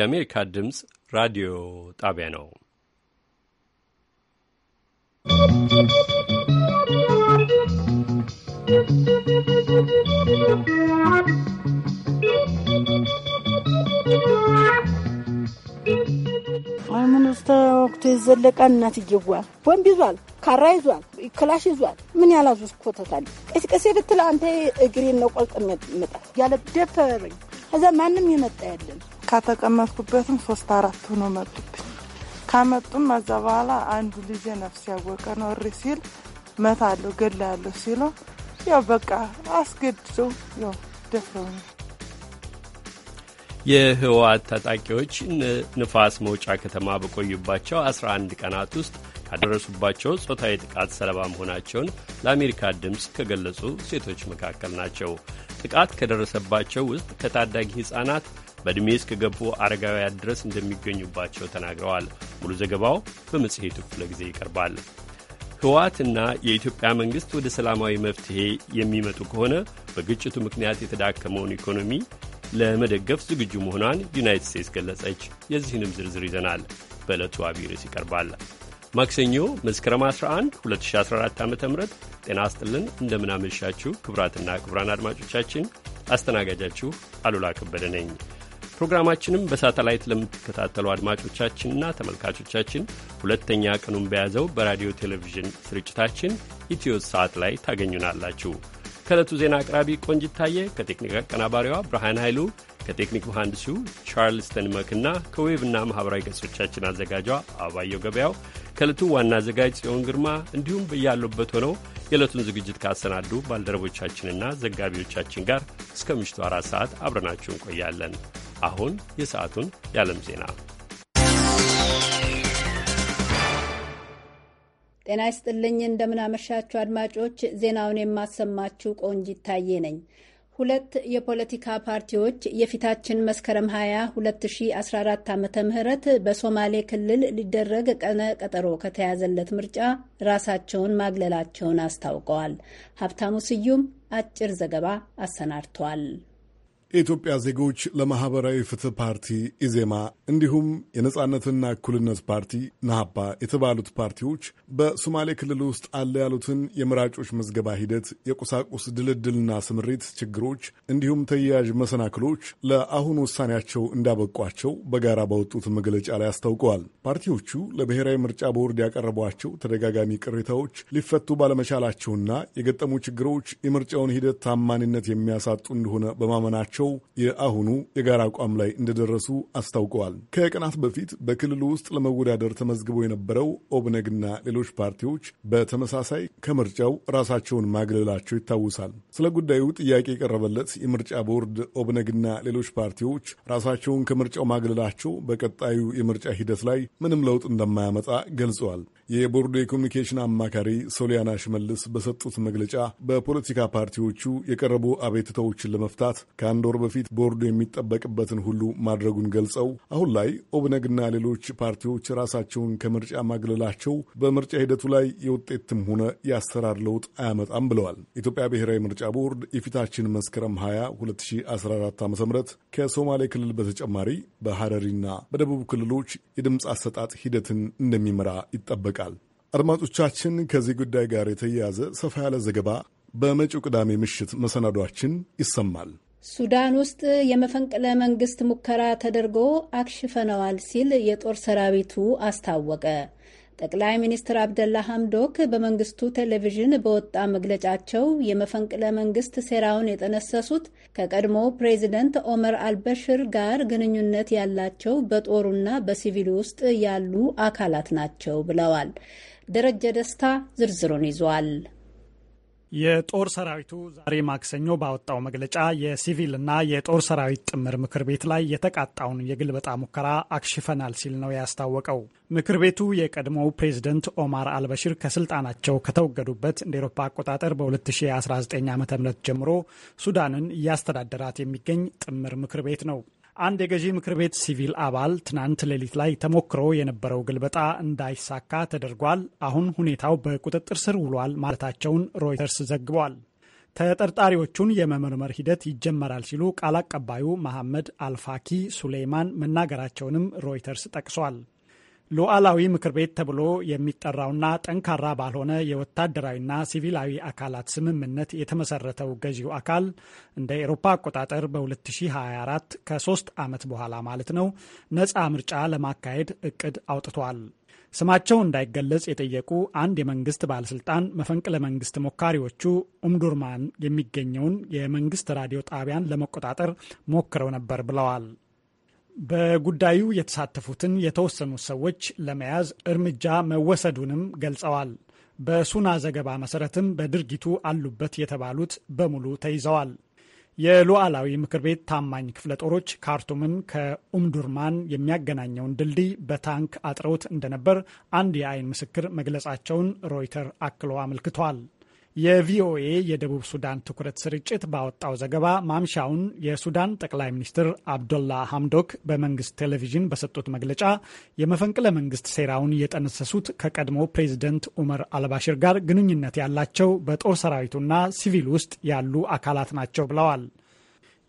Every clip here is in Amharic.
የአሜሪካ ድምፅ ራዲዮ ጣቢያ ነው። አሁን ወቅቱ የዘለቀ እናትየዋ ቦምብ ይዟል፣ ካራ ይዟል፣ ክላሽ ይዟል። ምን ያላዙ ስኮተታል ቀስቀሴ ብትል አንተ እግሬን ነው ቆልጥ መጣ ያለ ደፈረኝ። ከዛ ማንም የመጣ ያለን ከተቀመጥኩበትም ሶስት አራት ሆኖ መጡብኝ። ከመጡም እዛ በኋላ አንዱ ልጄ ነፍስ ያወቀ ነው እሪ ሲል መታ አለሁ ገላ አለሁ ሲለው ያው በቃ አስገድደው ያው ደፍረው ነው። የህወሓት ታጣቂዎች ንፋስ መውጫ ከተማ በቆዩባቸው 11 ቀናት ውስጥ ካደረሱባቸው ጾታዊ ጥቃት ሰለባ መሆናቸውን ለአሜሪካ ድምፅ ከገለጹ ሴቶች መካከል ናቸው። ጥቃት ከደረሰባቸው ውስጥ ከታዳጊ ሕፃናት በዕድሜ እስከ ገቡ አረጋውያን ድረስ እንደሚገኙባቸው ተናግረዋል። ሙሉ ዘገባው በመጽሔቱ ክፍለ ጊዜ ይቀርባል። ህወሓትና የኢትዮጵያ መንግሥት ወደ ሰላማዊ መፍትሔ የሚመጡ ከሆነ በግጭቱ ምክንያት የተዳከመውን ኢኮኖሚ ለመደገፍ ዝግጁ መሆኗን ዩናይትድ ስቴትስ ገለጸች። የዚህንም ዝርዝር ይዘናል። በዕለቱ አብይ ርዕስ ይቀርባል። ማክሰኞ መስከረም 11 2014 ዓ ም ጤና አስጥልን። እንደምናመሻችሁ ክቡራትና ክቡራን አድማጮቻችን አስተናጋጃችሁ አሉላ ከበደ ነኝ። ፕሮግራማችንም በሳተላይት ለምትከታተሉ አድማጮቻችንና ተመልካቾቻችን ሁለተኛ ቀኑን በያዘው በራዲዮ ቴሌቪዥን ስርጭታችን ኢትዮ ሰዓት ላይ ታገኙናላችሁ። ከእለቱ ዜና አቅራቢ ቆንጅት ታየ፣ ከቴክኒክ አቀናባሪዋ ብርሃን ኃይሉ፣ ከቴክኒክ መሐንዲሱ ቻርልስ ተንመክና ከዌብና ማኅበራዊ ገጾቻችን አዘጋጇ አባየው ገበያው ከእለቱ ዋና አዘጋጅ ጽዮን ግርማ እንዲሁም በያሉበት ሆነው የዕለቱን ዝግጅት ካሰናዱ ባልደረቦቻችንና ዘጋቢዎቻችን ጋር እስከ ምሽቱ አራት ሰዓት አብረናችሁ እንቆያለን። አሁን የሰዓቱን የዓለም ዜና። ጤና ይስጥልኝ። እንደምናመሻችሁ አድማጮች፣ ዜናውን የማሰማችሁ ቆንጅ ታዬ ነኝ። ሁለት የፖለቲካ ፓርቲዎች የፊታችን መስከረም 20 2014 ዓ ም በሶማሌ ክልል ሊደረግ ቀነ ቀጠሮ ከተያዘለት ምርጫ ራሳቸውን ማግለላቸውን አስታውቀዋል። ሀብታሙ ስዩም አጭር ዘገባ አሰናድቷል። የኢትዮጵያ ዜጎች ለማህበራዊ ፍትህ ፓርቲ ኢዜማ እንዲሁም የነጻነትና እኩልነት ፓርቲ ናሀባ የተባሉት ፓርቲዎች በሶማሌ ክልል ውስጥ አለ ያሉትን የመራጮች ምዝገባ ሂደት የቁሳቁስ ድልድልና ስምሪት ችግሮች እንዲሁም ተያያዥ መሰናክሎች ለአሁኑ ውሳኔያቸው እንዳበቋቸው በጋራ በወጡት መግለጫ ላይ አስታውቀዋል። ፓርቲዎቹ ለብሔራዊ ምርጫ ቦርድ ያቀረቧቸው ተደጋጋሚ ቅሬታዎች ሊፈቱ ባለመቻላቸውና የገጠሙ ችግሮች የምርጫውን ሂደት ታማኒነት የሚያሳጡ እንደሆነ በማመናቸው በመሆናቸው የአሁኑ የጋራ አቋም ላይ እንደደረሱ አስታውቀዋል። ከቀናት በፊት በክልሉ ውስጥ ለመወዳደር ተመዝግበው የነበረው ኦብነግና ሌሎች ፓርቲዎች በተመሳሳይ ከምርጫው ራሳቸውን ማግለላቸው ይታወሳል። ስለ ጉዳዩ ጥያቄ የቀረበለት የምርጫ ቦርድ ኦብነግና ሌሎች ፓርቲዎች ራሳቸውን ከምርጫው ማግለላቸው በቀጣዩ የምርጫ ሂደት ላይ ምንም ለውጥ እንደማያመጣ ገልጸዋል። የቦርዱ የኮሚኒኬሽን አማካሪ ሶሊያና ሽመልስ በሰጡት መግለጫ በፖለቲካ ፓርቲዎቹ የቀረቡ አቤትታዎችን ለመፍታት ከአንድ ወር በፊት ቦርዱ የሚጠበቅበትን ሁሉ ማድረጉን ገልጸው አሁን ላይ ኦብነግና ሌሎች ፓርቲዎች ራሳቸውን ከምርጫ ማግለላቸው በምርጫ ሂደቱ ላይ የውጤትም ሆነ የአሰራር ለውጥ አያመጣም ብለዋል። ኢትዮጵያ ብሔራዊ ምርጫ ቦርድ የፊታችን መስከረም 20 2014 ዓ ም ከሶማሌ ክልል በተጨማሪ በሐረሪና በደቡብ ክልሎች የድምፅ አሰጣጥ ሂደትን እንደሚመራ ይጠበቃል። ይጠብቃል። አድማጮቻችን፣ ከዚህ ጉዳይ ጋር የተያያዘ ሰፋ ያለ ዘገባ በመጪው ቅዳሜ ምሽት መሰናዷችን ይሰማል። ሱዳን ውስጥ የመፈንቅለ መንግስት ሙከራ ተደርጎ አክሽፈነዋል ሲል የጦር ሰራዊቱ አስታወቀ። ጠቅላይ ሚኒስትር አብደላ ሐምዶክ በመንግስቱ ቴሌቪዥን በወጣ መግለጫቸው የመፈንቅለ መንግስት ሴራውን የጠነሰሱት ከቀድሞ ፕሬዚደንት ኦመር አልበሽር ጋር ግንኙነት ያላቸው በጦሩና በሲቪል ውስጥ ያሉ አካላት ናቸው ብለዋል። ደረጀ ደስታ ዝርዝሩን ይዟል። የጦር ሰራዊቱ ዛሬ ማክሰኞ ባወጣው መግለጫ የሲቪል እና የጦር ሰራዊት ጥምር ምክር ቤት ላይ የተቃጣውን የግልበጣ ሙከራ አክሽፈናል ሲል ነው ያስታወቀው። ምክር ቤቱ የቀድሞው ፕሬዝደንት ኦማር አልበሽር ከስልጣናቸው ከተወገዱበት እንደ ኤሮፓ አቆጣጠር በ2019 ዓ ም ጀምሮ ሱዳንን እያስተዳደራት የሚገኝ ጥምር ምክር ቤት ነው። አንድ የገዢ ምክር ቤት ሲቪል አባል ትናንት ሌሊት ላይ ተሞክሮ የነበረው ግልበጣ እንዳይሳካ ተደርጓል፣ አሁን ሁኔታው በቁጥጥር ስር ውሏል ማለታቸውን ሮይተርስ ዘግቧል። ተጠርጣሪዎቹን የመመርመር ሂደት ይጀመራል ሲሉ ቃል አቀባዩ መሐመድ አልፋኪ ሱሌይማን መናገራቸውንም ሮይተርስ ጠቅሷል። ሉዓላዊ ምክር ቤት ተብሎ የሚጠራውና ጠንካራ ባልሆነ የወታደራዊና ሲቪላዊ አካላት ስምምነት የተመሰረተው ገዢው አካል እንደ ኤሮፓ አቆጣጠር በ2024 ከሶስት ዓመት በኋላ ማለት ነው ነፃ ምርጫ ለማካሄድ እቅድ አውጥቷል። ስማቸው እንዳይገለጽ የጠየቁ አንድ የመንግስት ባለስልጣን መፈንቅለ መንግስት ሞካሪዎቹ ኡምዱርማን የሚገኘውን የመንግስት ራዲዮ ጣቢያን ለመቆጣጠር ሞክረው ነበር ብለዋል። በጉዳዩ የተሳተፉትን የተወሰኑ ሰዎች ለመያዝ እርምጃ መወሰዱንም ገልጸዋል። በሱና ዘገባ መሰረትም በድርጊቱ አሉበት የተባሉት በሙሉ ተይዘዋል። የሉዓላዊ ምክር ቤት ታማኝ ክፍለ ጦሮች ካርቱምን ከኡምዱርማን የሚያገናኘውን ድልድይ በታንክ አጥረውት እንደነበር አንድ የአይን ምስክር መግለጻቸውን ሮይተር አክሎ አመልክቷል። የቪኦኤ የደቡብ ሱዳን ትኩረት ስርጭት ባወጣው ዘገባ ማምሻውን የሱዳን ጠቅላይ ሚኒስትር አብዶላ ሐምዶክ በመንግስት ቴሌቪዥን በሰጡት መግለጫ የመፈንቅለ መንግስት ሴራውን የጠነሰሱት ከቀድሞ ፕሬዚደንት ኡመር አልባሽር ጋር ግንኙነት ያላቸው በጦር ሰራዊቱና ሲቪል ውስጥ ያሉ አካላት ናቸው ብለዋል።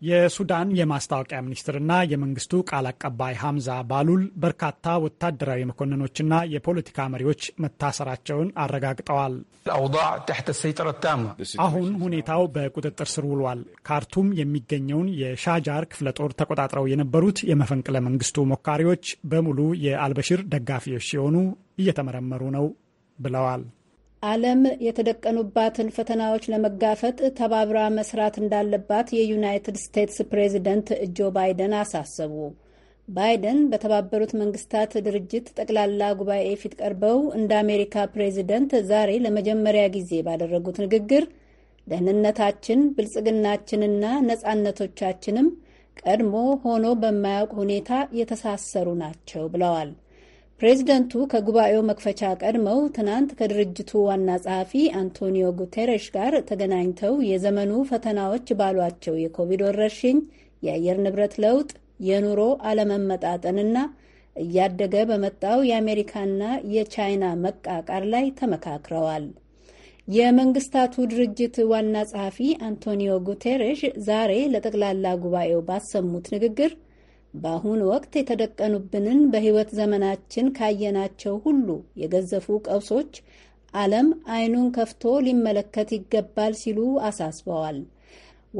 የሱዳን የማስታወቂያ ሚኒስትርና የመንግስቱ ቃል አቀባይ ሐምዛ ባሉል በርካታ ወታደራዊ መኮንኖችና የፖለቲካ መሪዎች መታሰራቸውን አረጋግጠዋል። አሁን ሁኔታው በቁጥጥር ስር ውሏል። ካርቱም የሚገኘውን የሻጃር ክፍለ ጦር ተቆጣጥረው የነበሩት የመፈንቅለ መንግስቱ ሞካሪዎች በሙሉ የአልበሽር ደጋፊዎች ሲሆኑ እየተመረመሩ ነው ብለዋል። ዓለም የተደቀኑባትን ፈተናዎች ለመጋፈጥ ተባብራ መስራት እንዳለባት የዩናይትድ ስቴትስ ፕሬዚደንት ጆ ባይደን አሳሰቡ። ባይደን በተባበሩት መንግስታት ድርጅት ጠቅላላ ጉባኤ ፊት ቀርበው እንደ አሜሪካ ፕሬዚደንት ዛሬ ለመጀመሪያ ጊዜ ባደረጉት ንግግር ደህንነታችን፣ ብልጽግናችንና ነጻነቶቻችንም ቀድሞ ሆኖ በማያውቅ ሁኔታ የተሳሰሩ ናቸው ብለዋል። ፕሬዚደንቱ ከጉባኤው መክፈቻ ቀድመው ትናንት ከድርጅቱ ዋና ጸሐፊ አንቶኒዮ ጉቴሬሽ ጋር ተገናኝተው የዘመኑ ፈተናዎች ባሏቸው የኮቪድ ወረርሽኝ፣ የአየር ንብረት ለውጥ፣ የኑሮ አለመመጣጠንና እያደገ በመጣው የአሜሪካና የቻይና መቃቃር ላይ ተመካክረዋል። የመንግስታቱ ድርጅት ዋና ጸሐፊ አንቶኒዮ ጉቴሬሽ ዛሬ ለጠቅላላ ጉባኤው ባሰሙት ንግግር በአሁኑ ወቅት የተደቀኑብንን በሕይወት ዘመናችን ካየናቸው ሁሉ የገዘፉ ቀውሶች ዓለም አይኑን ከፍቶ ሊመለከት ይገባል ሲሉ አሳስበዋል።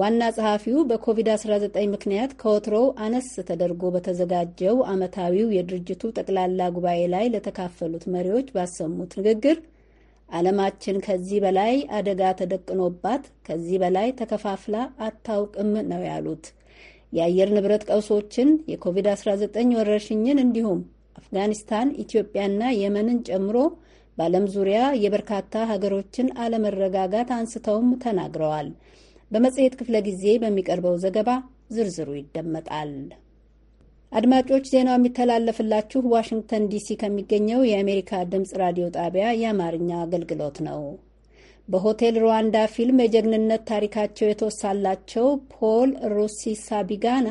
ዋና ጸሐፊው በኮቪድ-19 ምክንያት ከወትሮው አነስ ተደርጎ በተዘጋጀው ዓመታዊው የድርጅቱ ጠቅላላ ጉባኤ ላይ ለተካፈሉት መሪዎች ባሰሙት ንግግር ዓለማችን ከዚህ በላይ አደጋ ተደቅኖባት ከዚህ በላይ ተከፋፍላ አታውቅም ነው ያሉት። የአየር ንብረት ቀውሶችን፣ የኮቪድ-19 ወረርሽኝን እንዲሁም አፍጋኒስታን፣ ኢትዮጵያና የመንን ጨምሮ በዓለም ዙሪያ የበርካታ ሀገሮችን አለመረጋጋት አንስተውም ተናግረዋል። በመጽሔት ክፍለ ጊዜ በሚቀርበው ዘገባ ዝርዝሩ ይደመጣል። አድማጮች፣ ዜናው የሚተላለፍላችሁ ዋሽንግተን ዲሲ ከሚገኘው የአሜሪካ ድምፅ ራዲዮ ጣቢያ የአማርኛ አገልግሎት ነው። በሆቴል ሩዋንዳ ፊልም የጀግንነት ታሪካቸው የተወሳላቸው ፖል ሩሲሳቢጋና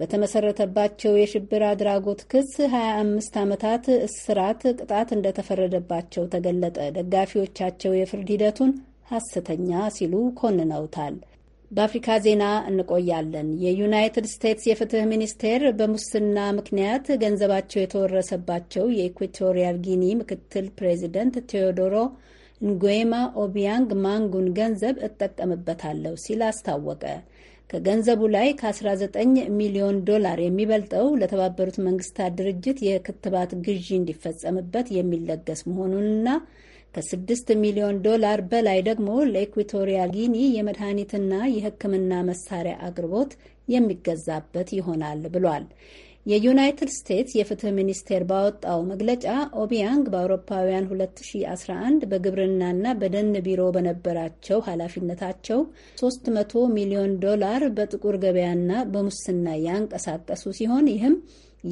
በተመሰረተባቸው የሽብር አድራጎት ክስ 25 ዓመታት እስራት ቅጣት እንደተፈረደባቸው ተገለጠ። ደጋፊዎቻቸው የፍርድ ሂደቱን ሐሰተኛ ሲሉ ኮንነውታል። በአፍሪካ ዜና እንቆያለን። የዩናይትድ ስቴትስ የፍትህ ሚኒስቴር በሙስና ምክንያት ገንዘባቸው የተወረሰባቸው የኢኳቶሪያል ጊኒ ምክትል ፕሬዚደንት ቴዎዶሮ ንጎማ ኦቢያንግ ማንጉን ገንዘብ እጠቀምበታለሁ ሲል አስታወቀ። ከገንዘቡ ላይ ከ19 ሚሊዮን ዶላር የሚበልጠው ለተባበሩት መንግስታት ድርጅት የክትባት ግዢ እንዲፈጸምበት የሚለገስ መሆኑንና ከ6 ሚሊዮን ዶላር በላይ ደግሞ ለኢኳቶሪያ ጊኒ የመድኃኒትና የሕክምና መሳሪያ አቅርቦት የሚገዛበት ይሆናል ብሏል። የዩናይትድ ስቴትስ የፍትህ ሚኒስቴር ባወጣው መግለጫ ኦቢያንግ በአውሮፓውያን 2011 በግብርናና በደን ቢሮ በነበራቸው ኃላፊነታቸው 300 ሚሊዮን ዶላር በጥቁር ገበያና በሙስና ያንቀሳቀሱ ሲሆን ይህም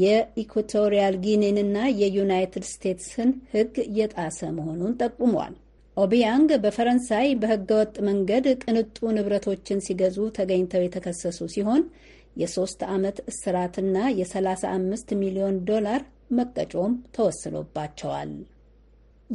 የኢኳቶሪያል ጊኒንና የዩናይትድ ስቴትስን ሕግ የጣሰ መሆኑን ጠቁሟል። ኦቢያንግ በፈረንሳይ በህገወጥ መንገድ ቅንጡ ንብረቶችን ሲገዙ ተገኝተው የተከሰሱ ሲሆን የሶስት ዓመት እስራትና የ35 ሚሊዮን ዶላር መቀጮም ተወስኖባቸዋል።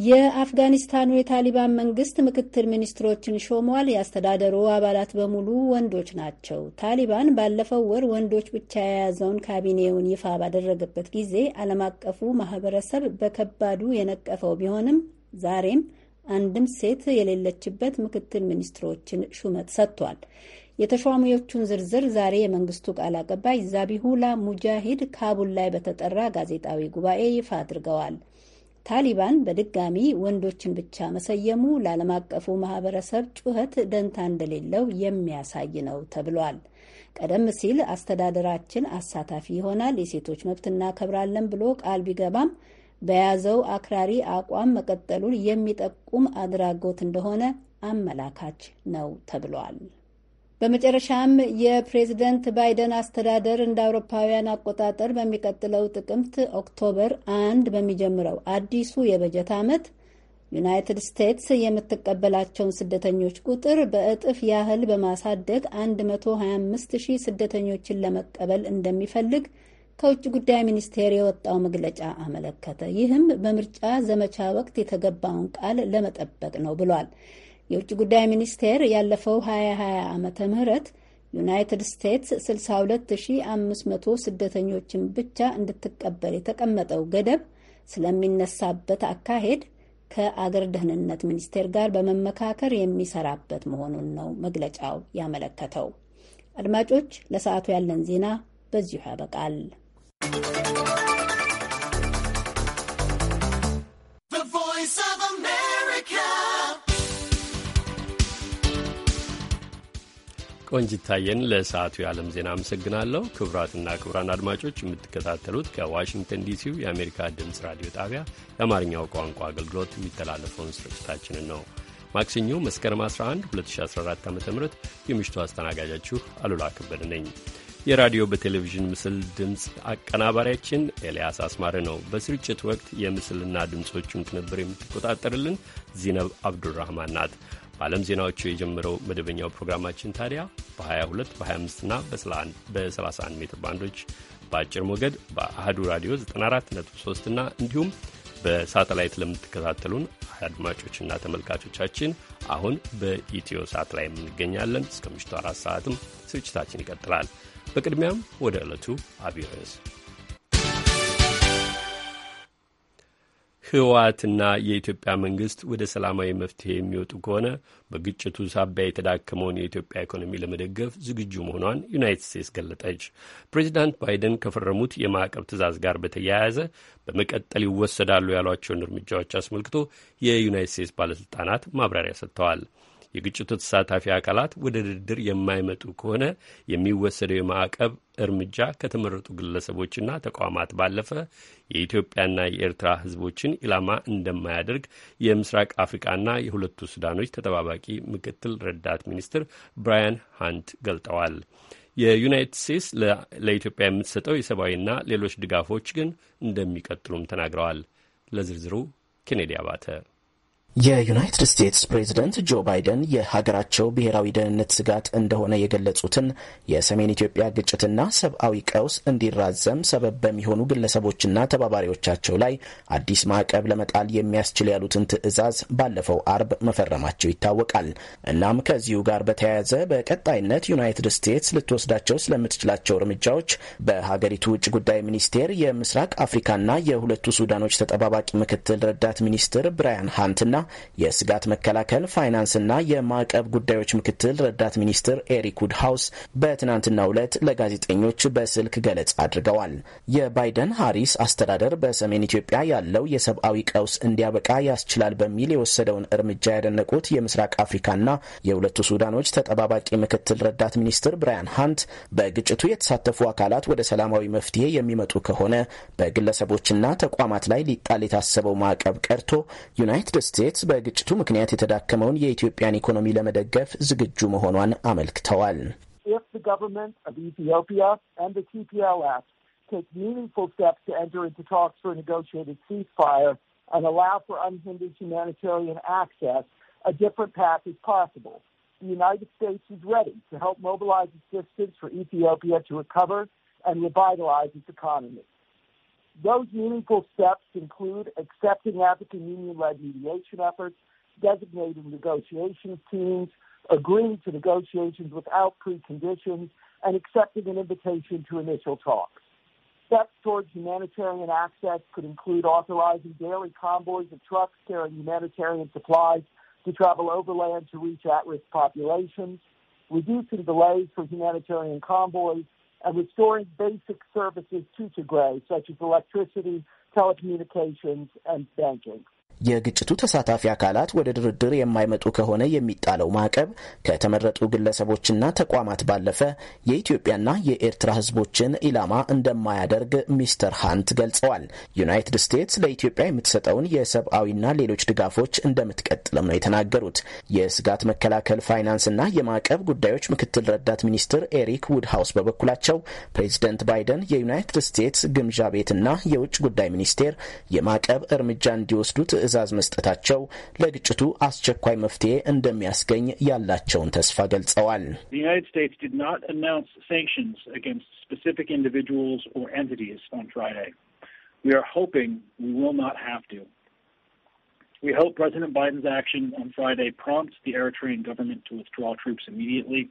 የአፍጋኒስታኑ የታሊባን መንግስት ምክትል ሚኒስትሮችን ሾሟል። የአስተዳደሩ አባላት በሙሉ ወንዶች ናቸው። ታሊባን ባለፈው ወር ወንዶች ብቻ የያዘውን ካቢኔውን ይፋ ባደረገበት ጊዜ ዓለም አቀፉ ማህበረሰብ በከባዱ የነቀፈው ቢሆንም ዛሬም አንድም ሴት የሌለችበት ምክትል ሚኒስትሮችን ሹመት ሰጥቷል። የተሿሚዎቹን ዝርዝር ዛሬ የመንግስቱ ቃል አቀባይ ዛቢሁላ ሙጃሂድ ካቡል ላይ በተጠራ ጋዜጣዊ ጉባኤ ይፋ አድርገዋል። ታሊባን በድጋሚ ወንዶችን ብቻ መሰየሙ ለዓለም አቀፉ ማህበረሰብ ጩኸት ደንታ እንደሌለው የሚያሳይ ነው ተብሏል። ቀደም ሲል አስተዳደራችን አሳታፊ ይሆናል፣ የሴቶች መብት እናከብራለን ብሎ ቃል ቢገባም በያዘው አክራሪ አቋም መቀጠሉን የሚጠቁም አድራጎት እንደሆነ አመላካች ነው ተብሏል። በመጨረሻም የፕሬዝደንት ባይደን አስተዳደር እንደ አውሮፓውያን አቆጣጠር በሚቀጥለው ጥቅምት ኦክቶበር አንድ በሚጀምረው አዲሱ የበጀት ዓመት ዩናይትድ ስቴትስ የምትቀበላቸውን ስደተኞች ቁጥር በእጥፍ ያህል በማሳደግ 125 ሺህ ስደተኞችን ለመቀበል እንደሚፈልግ ከውጭ ጉዳይ ሚኒስቴር የወጣው መግለጫ አመለከተ። ይህም በምርጫ ዘመቻ ወቅት የተገባውን ቃል ለመጠበቅ ነው ብሏል። የውጭ ጉዳይ ሚኒስቴር ያለፈው 2020 ዓመተ ምህረት ዩናይትድ ስቴትስ 62500 ስደተኞችን ብቻ እንድትቀበል የተቀመጠው ገደብ ስለሚነሳበት አካሄድ ከአገር ደህንነት ሚኒስቴር ጋር በመመካከር የሚሰራበት መሆኑን ነው መግለጫው ያመለከተው። አድማጮች፣ ለሰዓቱ ያለን ዜና በዚሁ ያበቃል። ቆንጅታየን ለሰዓቱ የዓለም ዜና አመሰግናለሁ። ክቡራትና ክቡራን አድማጮች የምትከታተሉት ከዋሽንግተን ዲሲው የአሜሪካ ድምፅ ራዲዮ ጣቢያ የአማርኛው ቋንቋ አገልግሎት የሚተላለፈውን ስርጭታችንን ነው። ማክሰኞ መስከረም 11 2014 ዓ ም የምሽቱ አስተናጋጃችሁ አሉላ ከበደ ነኝ። የራዲዮ በቴሌቪዥን ምስል ድምፅ አቀናባሪያችን ኤልያስ አስማረ ነው። በስርጭት ወቅት የምስልና ድምፆቹን ቅንብር የምትቆጣጠርልን ዚነብ አብዱራህማን ናት። በዓለም ዜናዎቹ የጀመረው መደበኛው ፕሮግራማችን ታዲያ በ22 በ25ና በ31 ሜትር ባንዶች በአጭር ሞገድ በአህዱ ራዲዮ 94.3 እና እንዲሁም በሳተላይት ለምትከታተሉን አድማጮችና ተመልካቾቻችን አሁን በኢትዮ ሳት ላይ የምንገኛለን። እስከ ምሽቱ አራት ሰዓትም ስርጭታችን ይቀጥላል። በቅድሚያም ወደ ዕለቱ አብይ ርዕስ ህወሓትና የኢትዮጵያ መንግስት ወደ ሰላማዊ መፍትሄ የሚወጡ ከሆነ በግጭቱ ሳቢያ የተዳከመውን የኢትዮጵያ ኢኮኖሚ ለመደገፍ ዝግጁ መሆኗን ዩናይትድ ስቴትስ ገለጠች። ፕሬዚዳንት ባይደን ከፈረሙት የማዕቀብ ትዕዛዝ ጋር በተያያዘ በመቀጠል ይወሰዳሉ ያሏቸውን እርምጃዎች አስመልክቶ የዩናይትድ ስቴትስ ባለስልጣናት ማብራሪያ ሰጥተዋል። የግጭቱ ተሳታፊ አካላት ወደ ድርድር የማይመጡ ከሆነ የሚወሰደው የማዕቀብ እርምጃ ከተመረጡ ግለሰቦችና ተቋማት ባለፈ የኢትዮጵያና የኤርትራ ሕዝቦችን ኢላማ እንደማያደርግ የምስራቅ አፍሪቃና የሁለቱ ሱዳኖች ተጠባባቂ ምክትል ረዳት ሚኒስትር ብራያን ሃንት ገልጠዋል። የዩናይትድ ስቴትስ ለኢትዮጵያ የምትሰጠው የሰብአዊና ሌሎች ድጋፎች ግን እንደሚቀጥሉም ተናግረዋል። ለዝርዝሩ ኬኔዲ አባተ የዩናይትድ ስቴትስ ፕሬዝደንት ጆ ባይደን የሀገራቸው ብሔራዊ ደህንነት ስጋት እንደሆነ የገለጹትን የሰሜን ኢትዮጵያ ግጭትና ሰብአዊ ቀውስ እንዲራዘም ሰበብ በሚሆኑ ግለሰቦችና ተባባሪዎቻቸው ላይ አዲስ ማዕቀብ ለመጣል የሚያስችል ያሉትን ትዕዛዝ ባለፈው አርብ መፈረማቸው ይታወቃል። እናም ከዚሁ ጋር በተያያዘ በቀጣይነት ዩናይትድ ስቴትስ ልትወስዳቸው ስለምትችላቸው እርምጃዎች በሀገሪቱ ውጭ ጉዳይ ሚኒስቴር የምስራቅ አፍሪካና የሁለቱ ሱዳኖች ተጠባባቂ ምክትል ረዳት ሚኒስትር ብራያን ሃንትና የስጋት መከላከል ፋይናንስና የማዕቀብ ጉዳዮች ምክትል ረዳት ሚኒስትር ኤሪክ ውድሃውስ በትናንትናው ዕለት ለጋዜጠኞች በስልክ ገለጻ አድርገዋል። የባይደን ሃሪስ አስተዳደር በሰሜን ኢትዮጵያ ያለው የሰብአዊ ቀውስ እንዲያበቃ ያስችላል በሚል የወሰደውን እርምጃ ያደነቁት የምስራቅ አፍሪካና የሁለቱ ሱዳኖች ተጠባባቂ ምክትል ረዳት ሚኒስትር ብራያን ሃንት በግጭቱ የተሳተፉ አካላት ወደ ሰላማዊ መፍትሄ የሚመጡ ከሆነ በግለሰቦችና ተቋማት ላይ ሊጣል የታሰበው ማዕቀብ ቀርቶ ዩናይትድ ስቴትስ If the the government of Ethiopia and TPLF take meaningful steps to enter into talks for a negotiated ceasefire and allow for unhindered humanitarian access, a different path is possible. The United States is ready to help mobilize assistance for Ethiopia to recover and revitalize its economy. Those meaningful steps include accepting African Union-led mediation efforts, designating negotiations teams, agreeing to negotiations without preconditions, and accepting an invitation to initial talks. Steps towards humanitarian access could include authorizing daily convoys of trucks carrying humanitarian supplies to travel overland to reach at-risk populations, reducing delays for humanitarian convoys, and restoring basic services to Tigray, such as electricity, telecommunications, and banking. የግጭቱ ተሳታፊ አካላት ወደ ድርድር የማይመጡ ከሆነ የሚጣለው ማዕቀብ ከተመረጡ ግለሰቦችና ተቋማት ባለፈ የኢትዮጵያና የኤርትራ ሕዝቦችን ኢላማ እንደማያደርግ ሚስተር ሃንት ገልጸዋል። ዩናይትድ ስቴትስ ለኢትዮጵያ የምትሰጠውን የሰብአዊና ሌሎች ድጋፎች እንደምትቀጥልም ነው የተናገሩት። የስጋት መከላከል ፋይናንስና የማዕቀብ ጉዳዮች ምክትል ረዳት ሚኒስትር ኤሪክ ውድሃውስ በበኩላቸው ፕሬዚደንት ባይደን የዩናይትድ ስቴትስ ግምዣ ቤትና የውጭ ጉዳይ ሚኒስቴር የማዕቀብ እርምጃ እንዲወስዱ ትዕዛዝ መስጠታቸው ለግጭቱ አስቸኳይ መፍትሄ እንደሚያስገኝ ያላቸውን ተስፋ ገልጸዋል። We are hoping we will not have to. We hope President Biden's action on Friday prompts the Eritrean government to withdraw troops immediately,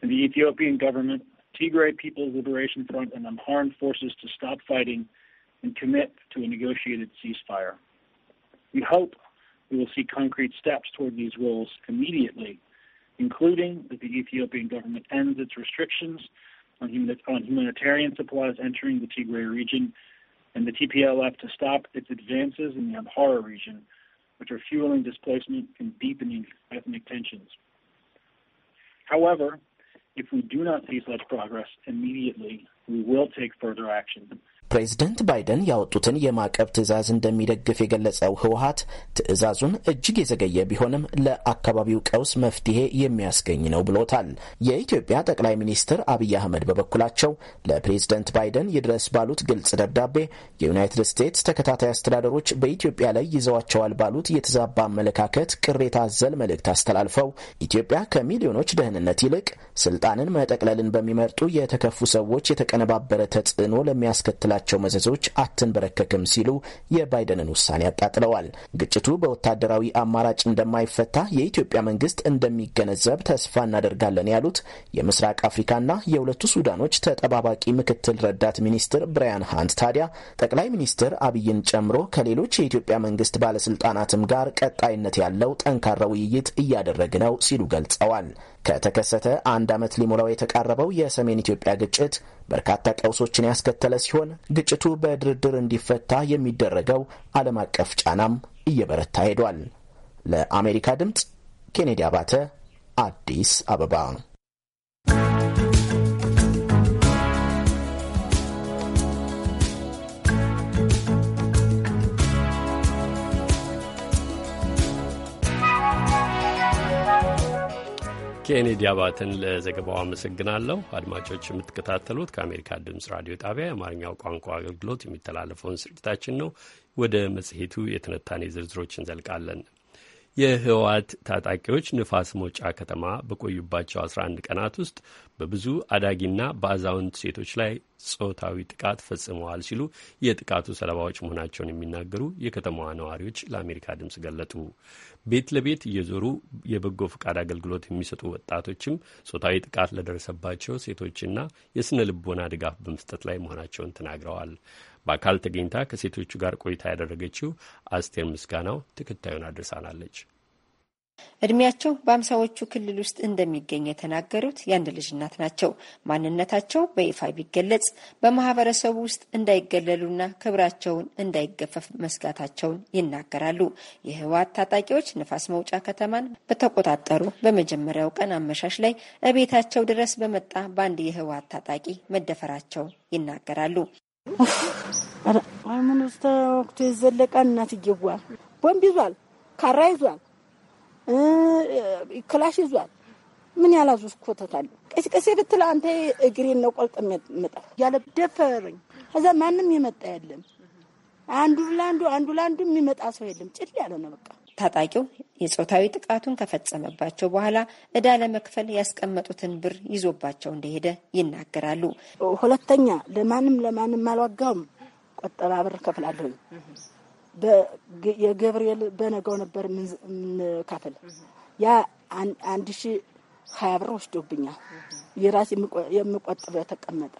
and the Ethiopian government, Tigray People's Liberation Front, and unharmed forces to stop fighting and commit to a negotiated ceasefire. We hope we will see concrete steps toward these goals immediately, including that the Ethiopian government ends its restrictions on, humanitarian supplies entering the Tigray region and the TPLF to stop its advances in the Amhara region, which are fueling displacement and deepening ethnic tensions. However, if we do not see such progress immediately, we will take further action ፕሬዝደንት ባይደን ያወጡትን የማዕቀብ ትዕዛዝ እንደሚደግፍ የገለጸው ህወሀት ትዕዛዙን እጅግ የዘገየ ቢሆንም ለአካባቢው ቀውስ መፍትሄ የሚያስገኝ ነው ብሎታል። የኢትዮጵያ ጠቅላይ ሚኒስትር አብይ አህመድ በበኩላቸው ለፕሬዝደንት ባይደን ይድረስ ባሉት ግልጽ ደብዳቤ የዩናይትድ ስቴትስ ተከታታይ አስተዳደሮች በኢትዮጵያ ላይ ይዘዋቸዋል ባሉት የተዛባ አመለካከት ቅሬታ አዘል መልእክት አስተላልፈው ኢትዮጵያ ከሚሊዮኖች ደህንነት ይልቅ ስልጣንን መጠቅለልን በሚመርጡ የተከፉ ሰዎች የተቀነባበረ ተጽዕኖ ለሚያስከትላቸው የሚኖራቸው መዘዞች አትንበረከክም ሲሉ የባይደንን ውሳኔ አጣጥለዋል። ግጭቱ በወታደራዊ አማራጭ እንደማይፈታ የኢትዮጵያ መንግስት እንደሚገነዘብ ተስፋ እናደርጋለን ያሉት የምስራቅ አፍሪካና የሁለቱ ሱዳኖች ተጠባባቂ ምክትል ረዳት ሚኒስትር ብራያን ሃንት ታዲያ ጠቅላይ ሚኒስትር አብይን ጨምሮ ከሌሎች የኢትዮጵያ መንግስት ባለስልጣናትም ጋር ቀጣይነት ያለው ጠንካራ ውይይት እያደረግ ነው ሲሉ ገልጸዋል። ከተከሰተ አንድ ዓመት ሊሞላው የተቃረበው የሰሜን ኢትዮጵያ ግጭት በርካታ ቀውሶችን ያስከተለ ሲሆን ግጭቱ በድርድር እንዲፈታ የሚደረገው ዓለም አቀፍ ጫናም እየበረታ ሄዷል። ለአሜሪካ ድምፅ ኬኔዲ አባተ አዲስ አበባ ኬኔዲ አባትን ለዘገባው አመሰግናለሁ። አድማጮች የምትከታተሉት ከአሜሪካ ድምፅ ራዲዮ ጣቢያ የአማርኛው ቋንቋ አገልግሎት የሚተላለፈውን ስርጭታችን ነው። ወደ መጽሔቱ የትንታኔ ዝርዝሮች እንዘልቃለን። የህወሓት ታጣቂዎች ንፋስ ሞጫ ከተማ በቆዩባቸው 11 ቀናት ውስጥ በብዙ አዳጊና በአዛውንት ሴቶች ላይ ጾታዊ ጥቃት ፈጽመዋል ሲሉ የጥቃቱ ሰለባዎች መሆናቸውን የሚናገሩ የከተማዋ ነዋሪዎች ለአሜሪካ ድምፅ ገለጡ። ቤት ለቤት እየዞሩ የበጎ ፈቃድ አገልግሎት የሚሰጡ ወጣቶችም ጾታዊ ጥቃት ለደረሰባቸው ሴቶችና የስነ ልቦና ድጋፍ በመስጠት ላይ መሆናቸውን ተናግረዋል። በአካል ተገኝታ ከሴቶቹ ጋር ቆይታ ያደረገችው አስቴር ምስጋናው ተከታዩን አድርሳናለች። እድሜያቸው በአምሳዎቹ ክልል ውስጥ እንደሚገኝ የተናገሩት የአንድ ልጅ እናት ናቸው። ማንነታቸው በይፋ ቢገለጽ በማህበረሰቡ ውስጥ እንዳይገለሉና ክብራቸውን እንዳይገፈፍ መስጋታቸውን ይናገራሉ። የህወሓት ታጣቂዎች ንፋስ መውጫ ከተማን በተቆጣጠሩ በመጀመሪያው ቀን አመሻሽ ላይ እቤታቸው ድረስ በመጣ በአንድ የህወሓት ታጣቂ መደፈራቸውን ይናገራሉ። አይሙን ውስተ ወቅቱ እናት እናትየዋ ቦምብ ይዟል፣ ካራ ይዟል፣ ክላሽ ይዟል። ምን ያላዙስ ኮተታለ ቀሲቀሴ ብትለ አንተ እግሬን ነው ቆልጥ መጣ ያለ ደፈረኝ። ከዛ ማንም የመጣ የለም። አንዱ ለአንዱ አንዱ ለአንዱ የሚመጣ ሰው የለም። ጭል ያለ ነው በቃ ታጣቂው የጾታዊ ጥቃቱን ከፈጸመባቸው በኋላ እዳ ለመክፈል ያስቀመጡትን ብር ይዞባቸው እንደሄደ ይናገራሉ። ሁለተኛ ለማንም ለማንም አልዋጋውም፣ ቆጠባ ብር ከፍላለሁ። የገብርኤል በነገው ነበር የምንካፍል። ያ አንድ ሺ ሀያ ብር ወስዶብኛል። የራስ የምቆጥበ ተቀመጠ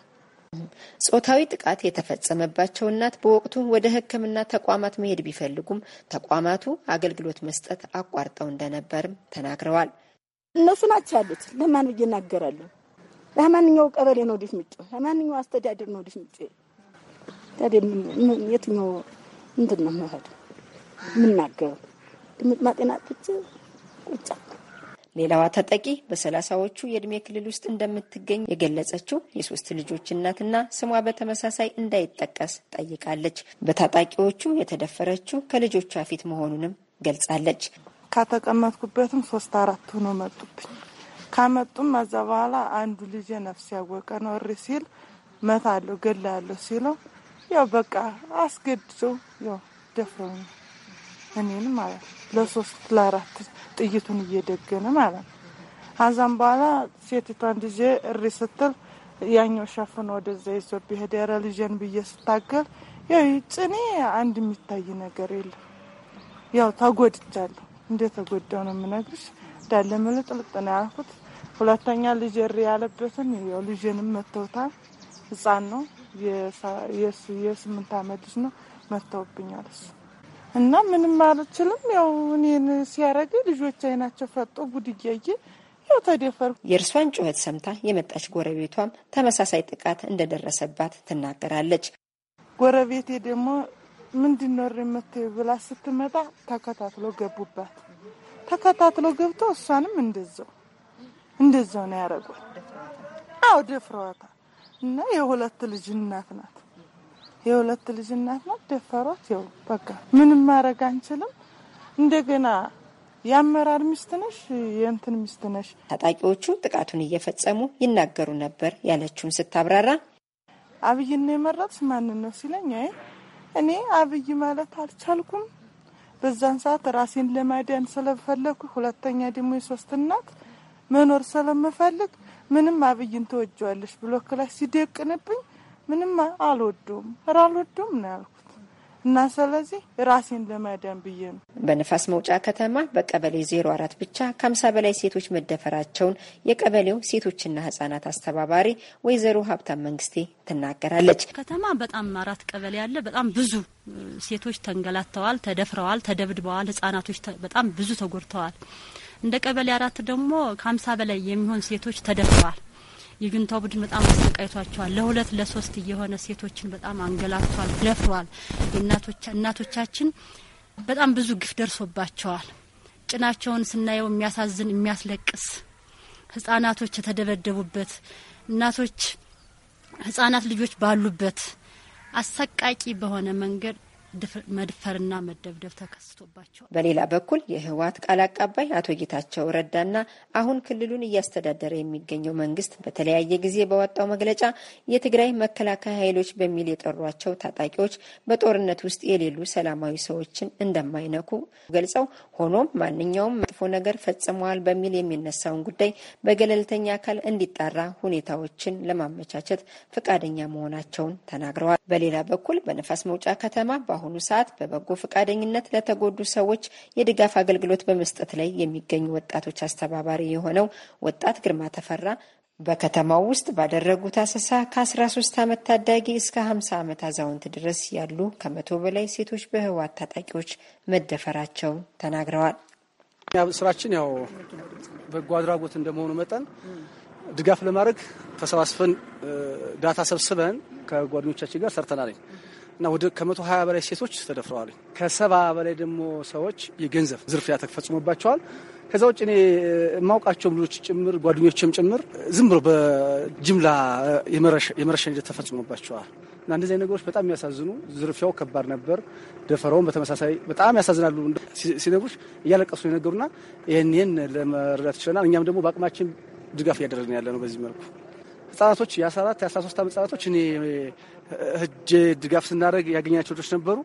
ጾታዊ ጥቃት የተፈጸመባቸው እናት በወቅቱ ወደ ሕክምና ተቋማት መሄድ ቢፈልጉም ተቋማቱ አገልግሎት መስጠት አቋርጠው እንደነበርም ተናግረዋል። እነሱ ናቸው ያሉት። ለማን ብዬ እናገራለሁ? ለማንኛው ቀበሌ ነው ዲፍ ምጭ፣ ለማንኛው አስተዳደር ነው ዲፍ ምጭ። ታዲያ የትኛው እንትን ነው መሄድ የምናገረው? ድምጥ ማጤናት ቁጫ ሌላዋ ተጠቂ በሰላሳዎቹ የእድሜ ክልል ውስጥ እንደምትገኝ የገለጸችው የሶስት ልጆች እናትና ስሟ በተመሳሳይ እንዳይጠቀስ ጠይቃለች። በታጣቂዎቹ የተደፈረችው ከልጆቿ ፊት መሆኑንም ገልጻለች። ከተቀመጥኩበትም ሶስት አራት ሆኖ መጡብኝ። ካመጡም እዛ በኋላ አንዱ ልጄ ነፍስ ያወቀ ነው እሪ ሲል መታለሁ ገላለሁ ሲለው ያው በቃ አስገድዶ ያው ደፍረው ነው እኔን ማለት ነው። ለሶስት ለአራት ጥይቱን እየደገነ ማለት ነው። አዛም በኋላ ሴቲቷን ልጄ እሪ ስትል ያኛው ሸፍኖ ወደዛ ይዞብ ሄደ። ኧረ ልጄን ብዬ ስታገል ያው ጭኔ አንድ የሚታይ ነገር የለም። ያው ተጎድቻለሁ። እንደ ተጎዳው ነው የምነግርሽ። እንዳለ ምልጥልጥ ነው ያልኩት። ሁለተኛ ልጅ እሪ ያለበትን ያው ልጄንም መተውታል። ህጻን ነው የስምንት አመት ልጅ ነው። መተውብኛል እሱ እና ምንም አልችልም። ያው እኔን ሲያረግ ልጆች አይናቸው ፈጦ ጉድ እያየ ያው ተደፈር። የእርሷን ጩኸት ሰምታ የመጣች ጎረቤቷም ተመሳሳይ ጥቃት እንደደረሰባት ትናገራለች። ጎረቤቴ ደግሞ ምንድን ነው የምትይው ብላ ስትመጣ ተከታትሎ ገቡባት። ተከታትሎ ገብቶ እሷንም እንደዛው እንደዛው ነው ያደረጓል። አዎ ደፍረዋታል። እና የሁለት ልጅ እናት ናት። የሁለት ልጅ እናት ናት። ደፈሯት። ይኸው በቃ ምንም ማድረግ አንችልም። እንደገና የአመራር ሚስት ነሽ፣ የእንትን ሚስት ነሽ። ታጣቂዎቹ ጥቃቱን እየፈጸሙ ይናገሩ ነበር ያለችውን ስታብራራ አብይን የመረጥሽ ማንን ነው ሲለኝ፣ አይ እኔ አብይ ማለት አልቻልኩም። በዛን ሰዓት ራሴን ለማዳን ስለፈለኩ፣ ሁለተኛ ደግሞ የሶስት እናት መኖር ስለምፈልግ ምንም አብይን ተወጀዋለሽ ብሎ ክላስ ሲደቅንብኝ ምንም አልወዱም። ኧረ አልወዱም ነው ያልኩት እና ስለዚህ ራሴን ለማዳን ብዬ ነው። በንፋስ መውጫ ከተማ በቀበሌ ዜሮ አራት ብቻ ከአምሳ በላይ ሴቶች መደፈራቸውን የቀበሌው ሴቶችና ህጻናት አስተባባሪ ወይዘሮ ሀብታም መንግስቴ ትናገራለች። ከተማ በጣም አራት ቀበሌ ያለ በጣም ብዙ ሴቶች ተንገላተዋል፣ ተደፍረዋል፣ ተደብድበዋል። ህጻናቶች በጣም ብዙ ተጎድተዋል። እንደ ቀበሌ አራት ደግሞ ከአምሳ በላይ የሚሆን ሴቶች ተደፍረዋል። የጁንታው ቡድን በጣም አሰቃይቷቸዋል። ለሁለት ለሶስት እየሆነ ሴቶችን በጣም አንገላቷል፣ ደፍሯል። እናቶቻችን በጣም ብዙ ግፍ ደርሶባቸዋል። ጭናቸውን ስናየው የሚያሳዝን የሚያስለቅስ ህጻናቶች የተደበደቡበት እናቶች ህጻናት ልጆች ባሉበት አሰቃቂ በሆነ መንገድ መድፈርና መደብደብ ተከስቶባቸው። በሌላ በኩል የህወሀት ቃል አቀባይ አቶ ጌታቸው ረዳና አሁን ክልሉን እያስተዳደረ የሚገኘው መንግስት በተለያየ ጊዜ በወጣው መግለጫ የትግራይ መከላከያ ኃይሎች በሚል የጠሯቸው ታጣቂዎች በጦርነት ውስጥ የሌሉ ሰላማዊ ሰዎችን እንደማይነኩ ገልጸው ሆኖም ማንኛውም መጥፎ ነገር ፈጽመዋል በሚል የሚነሳውን ጉዳይ በገለልተኛ አካል እንዲጣራ ሁኔታዎችን ለማመቻቸት ፈቃደኛ መሆናቸውን ተናግረዋል። በሌላ በኩል በነፋስ መውጫ ከተማ በአሁኑ ሰዓት በበጎ ፈቃደኝነት ለተጎዱ ሰዎች የድጋፍ አገልግሎት በመስጠት ላይ የሚገኙ ወጣቶች አስተባባሪ የሆነው ወጣት ግርማ ተፈራ በከተማው ውስጥ ባደረጉት አሰሳ ከ13 ዓመት ታዳጊ እስከ 50 ዓመት አዛውንት ድረስ ያሉ ከመቶ በላይ ሴቶች በህወሓት ታጣቂዎች መደፈራቸውን ተናግረዋል። ስራችን ያው በጎ አድራጎት እንደመሆኑ መጠን ድጋፍ ለማድረግ ተሰባስበን ዳታ ሰብስበን ከጓደኞቻችን ጋር ሰርተናል። እና ወደ ከመቶ ሀያ በላይ ሴቶች ተደፍረዋል። ከሰባ በላይ ደግሞ ሰዎች የገንዘብ ዝርፊያ ተፈጽሞባቸዋል። ከዛ ውጭ እኔ የማውቃቸውም ልጆች ጭምር ጓደኞችም ጭምር ዝም ብሎ በጅምላ የመረሸን ሂደት ተፈጽሞባቸዋል እና እንደዚህ ነገሮች በጣም የሚያሳዝኑ ዝርፊያው ከባድ ነበር። ደፈረውን በተመሳሳይ በጣም ያሳዝናሉ። ሲነግሮች እያለቀሱ የነገሩና ይህንን ለመረዳት ችለናል። እኛም ደግሞ በአቅማችን ድጋፍ እያደረግን ያለ ነው በዚህ መልኩ ህጻናቶች የ14 የ13 ዓመት ህጻናቶች እኔ ህጅ ድጋፍ ስናደርግ ያገኛቸው ልጆች ነበሩ።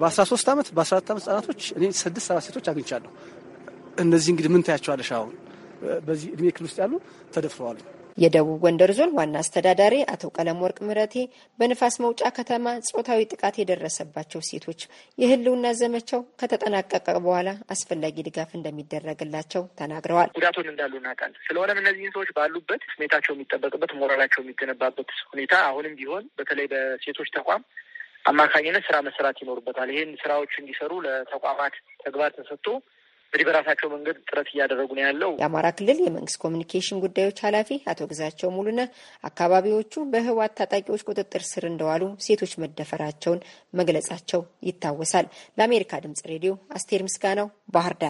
በ13 ዓመት በ14 ዓመት ህጻናቶች እኔ ስድስት ሰባት ሴቶች አግኝቻለሁ። እነዚህ እንግዲህ ምን ታያቸዋለሽ? አሁን በዚህ እድሜ ክልል ውስጥ ያሉ ተደፍረዋል። የደቡብ ጎንደር ዞን ዋና አስተዳዳሪ አቶ ቀለም ወርቅ ምረቴ በንፋስ መውጫ ከተማ ጾታዊ ጥቃት የደረሰባቸው ሴቶች የህልውና ዘመቻው ከተጠናቀቀ በኋላ አስፈላጊ ድጋፍ እንደሚደረግላቸው ተናግረዋል። ጉዳቱን እንዳሉ እናውቃለን። ስለሆነም እነዚህን ሰዎች ባሉበት ስሜታቸው የሚጠበቅበት ሞራላቸው የሚገነባበት ሁኔታ አሁንም ቢሆን በተለይ በሴቶች ተቋም አማካኝነት ስራ መሰራት ይኖርበታል። ይህን ስራዎች እንዲሰሩ ለተቋማት ተግባር ተሰጥቶ እንግዲህ በራሳቸው መንገድ ጥረት እያደረጉ ነው ያለው። የአማራ ክልል የመንግስት ኮሚኒኬሽን ጉዳዮች ኃላፊ አቶ ግዛቸው ሙሉነ አካባቢዎቹ በህወሓት ታጣቂዎች ቁጥጥር ስር እንደዋሉ ሴቶች መደፈራቸውን መግለጻቸው ይታወሳል። ለአሜሪካ ድምጽ ሬዲዮ አስቴር ምስጋናው ባህር ዳር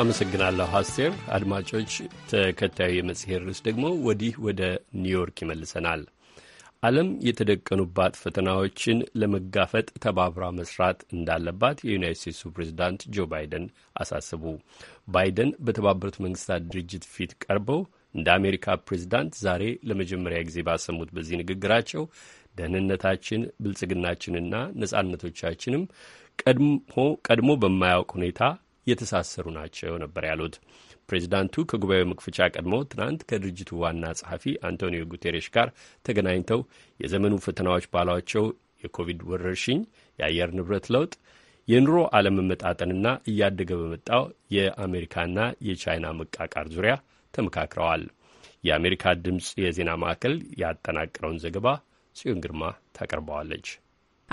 አመሰግናለሁ አስቴር። አድማጮች፣ ተከታዩ የመጽሔር ርዕስ ደግሞ ወዲህ ወደ ኒውዮርክ ይመልሰናል። ዓለም የተደቀኑባት ፈተናዎችን ለመጋፈጥ ተባብራ መስራት እንዳለባት የዩናይት ስቴትሱ ፕሬዚዳንት ጆ ባይደን አሳስቡ። ባይደን በተባበሩት መንግስታት ድርጅት ፊት ቀርበው እንደ አሜሪካ ፕሬዚዳንት ዛሬ ለመጀመሪያ ጊዜ ባሰሙት በዚህ ንግግራቸው ደህንነታችን፣ ብልጽግናችንና ነጻነቶቻችንም ቀድሞ በማያውቅ ሁኔታ የተሳሰሩ ናቸው ነበር ያሉት። ፕሬዚዳንቱ ከጉባኤው መክፈቻ ቀድሞ ትናንት ከድርጅቱ ዋና ጸሐፊ አንቶኒዮ ጉቴሬሽ ጋር ተገናኝተው የዘመኑ ፈተናዎች ባሏቸው የኮቪድ ወረርሽኝ፣ የአየር ንብረት ለውጥ፣ የኑሮ አለመመጣጠንና እያደገ በመጣው የአሜሪካና የቻይና መቃቃር ዙሪያ ተመካክረዋል። የአሜሪካ ድምፅ የዜና ማዕከል ያጠናቀረውን ዘገባ ጽዮን ግርማ ታቀርበዋለች።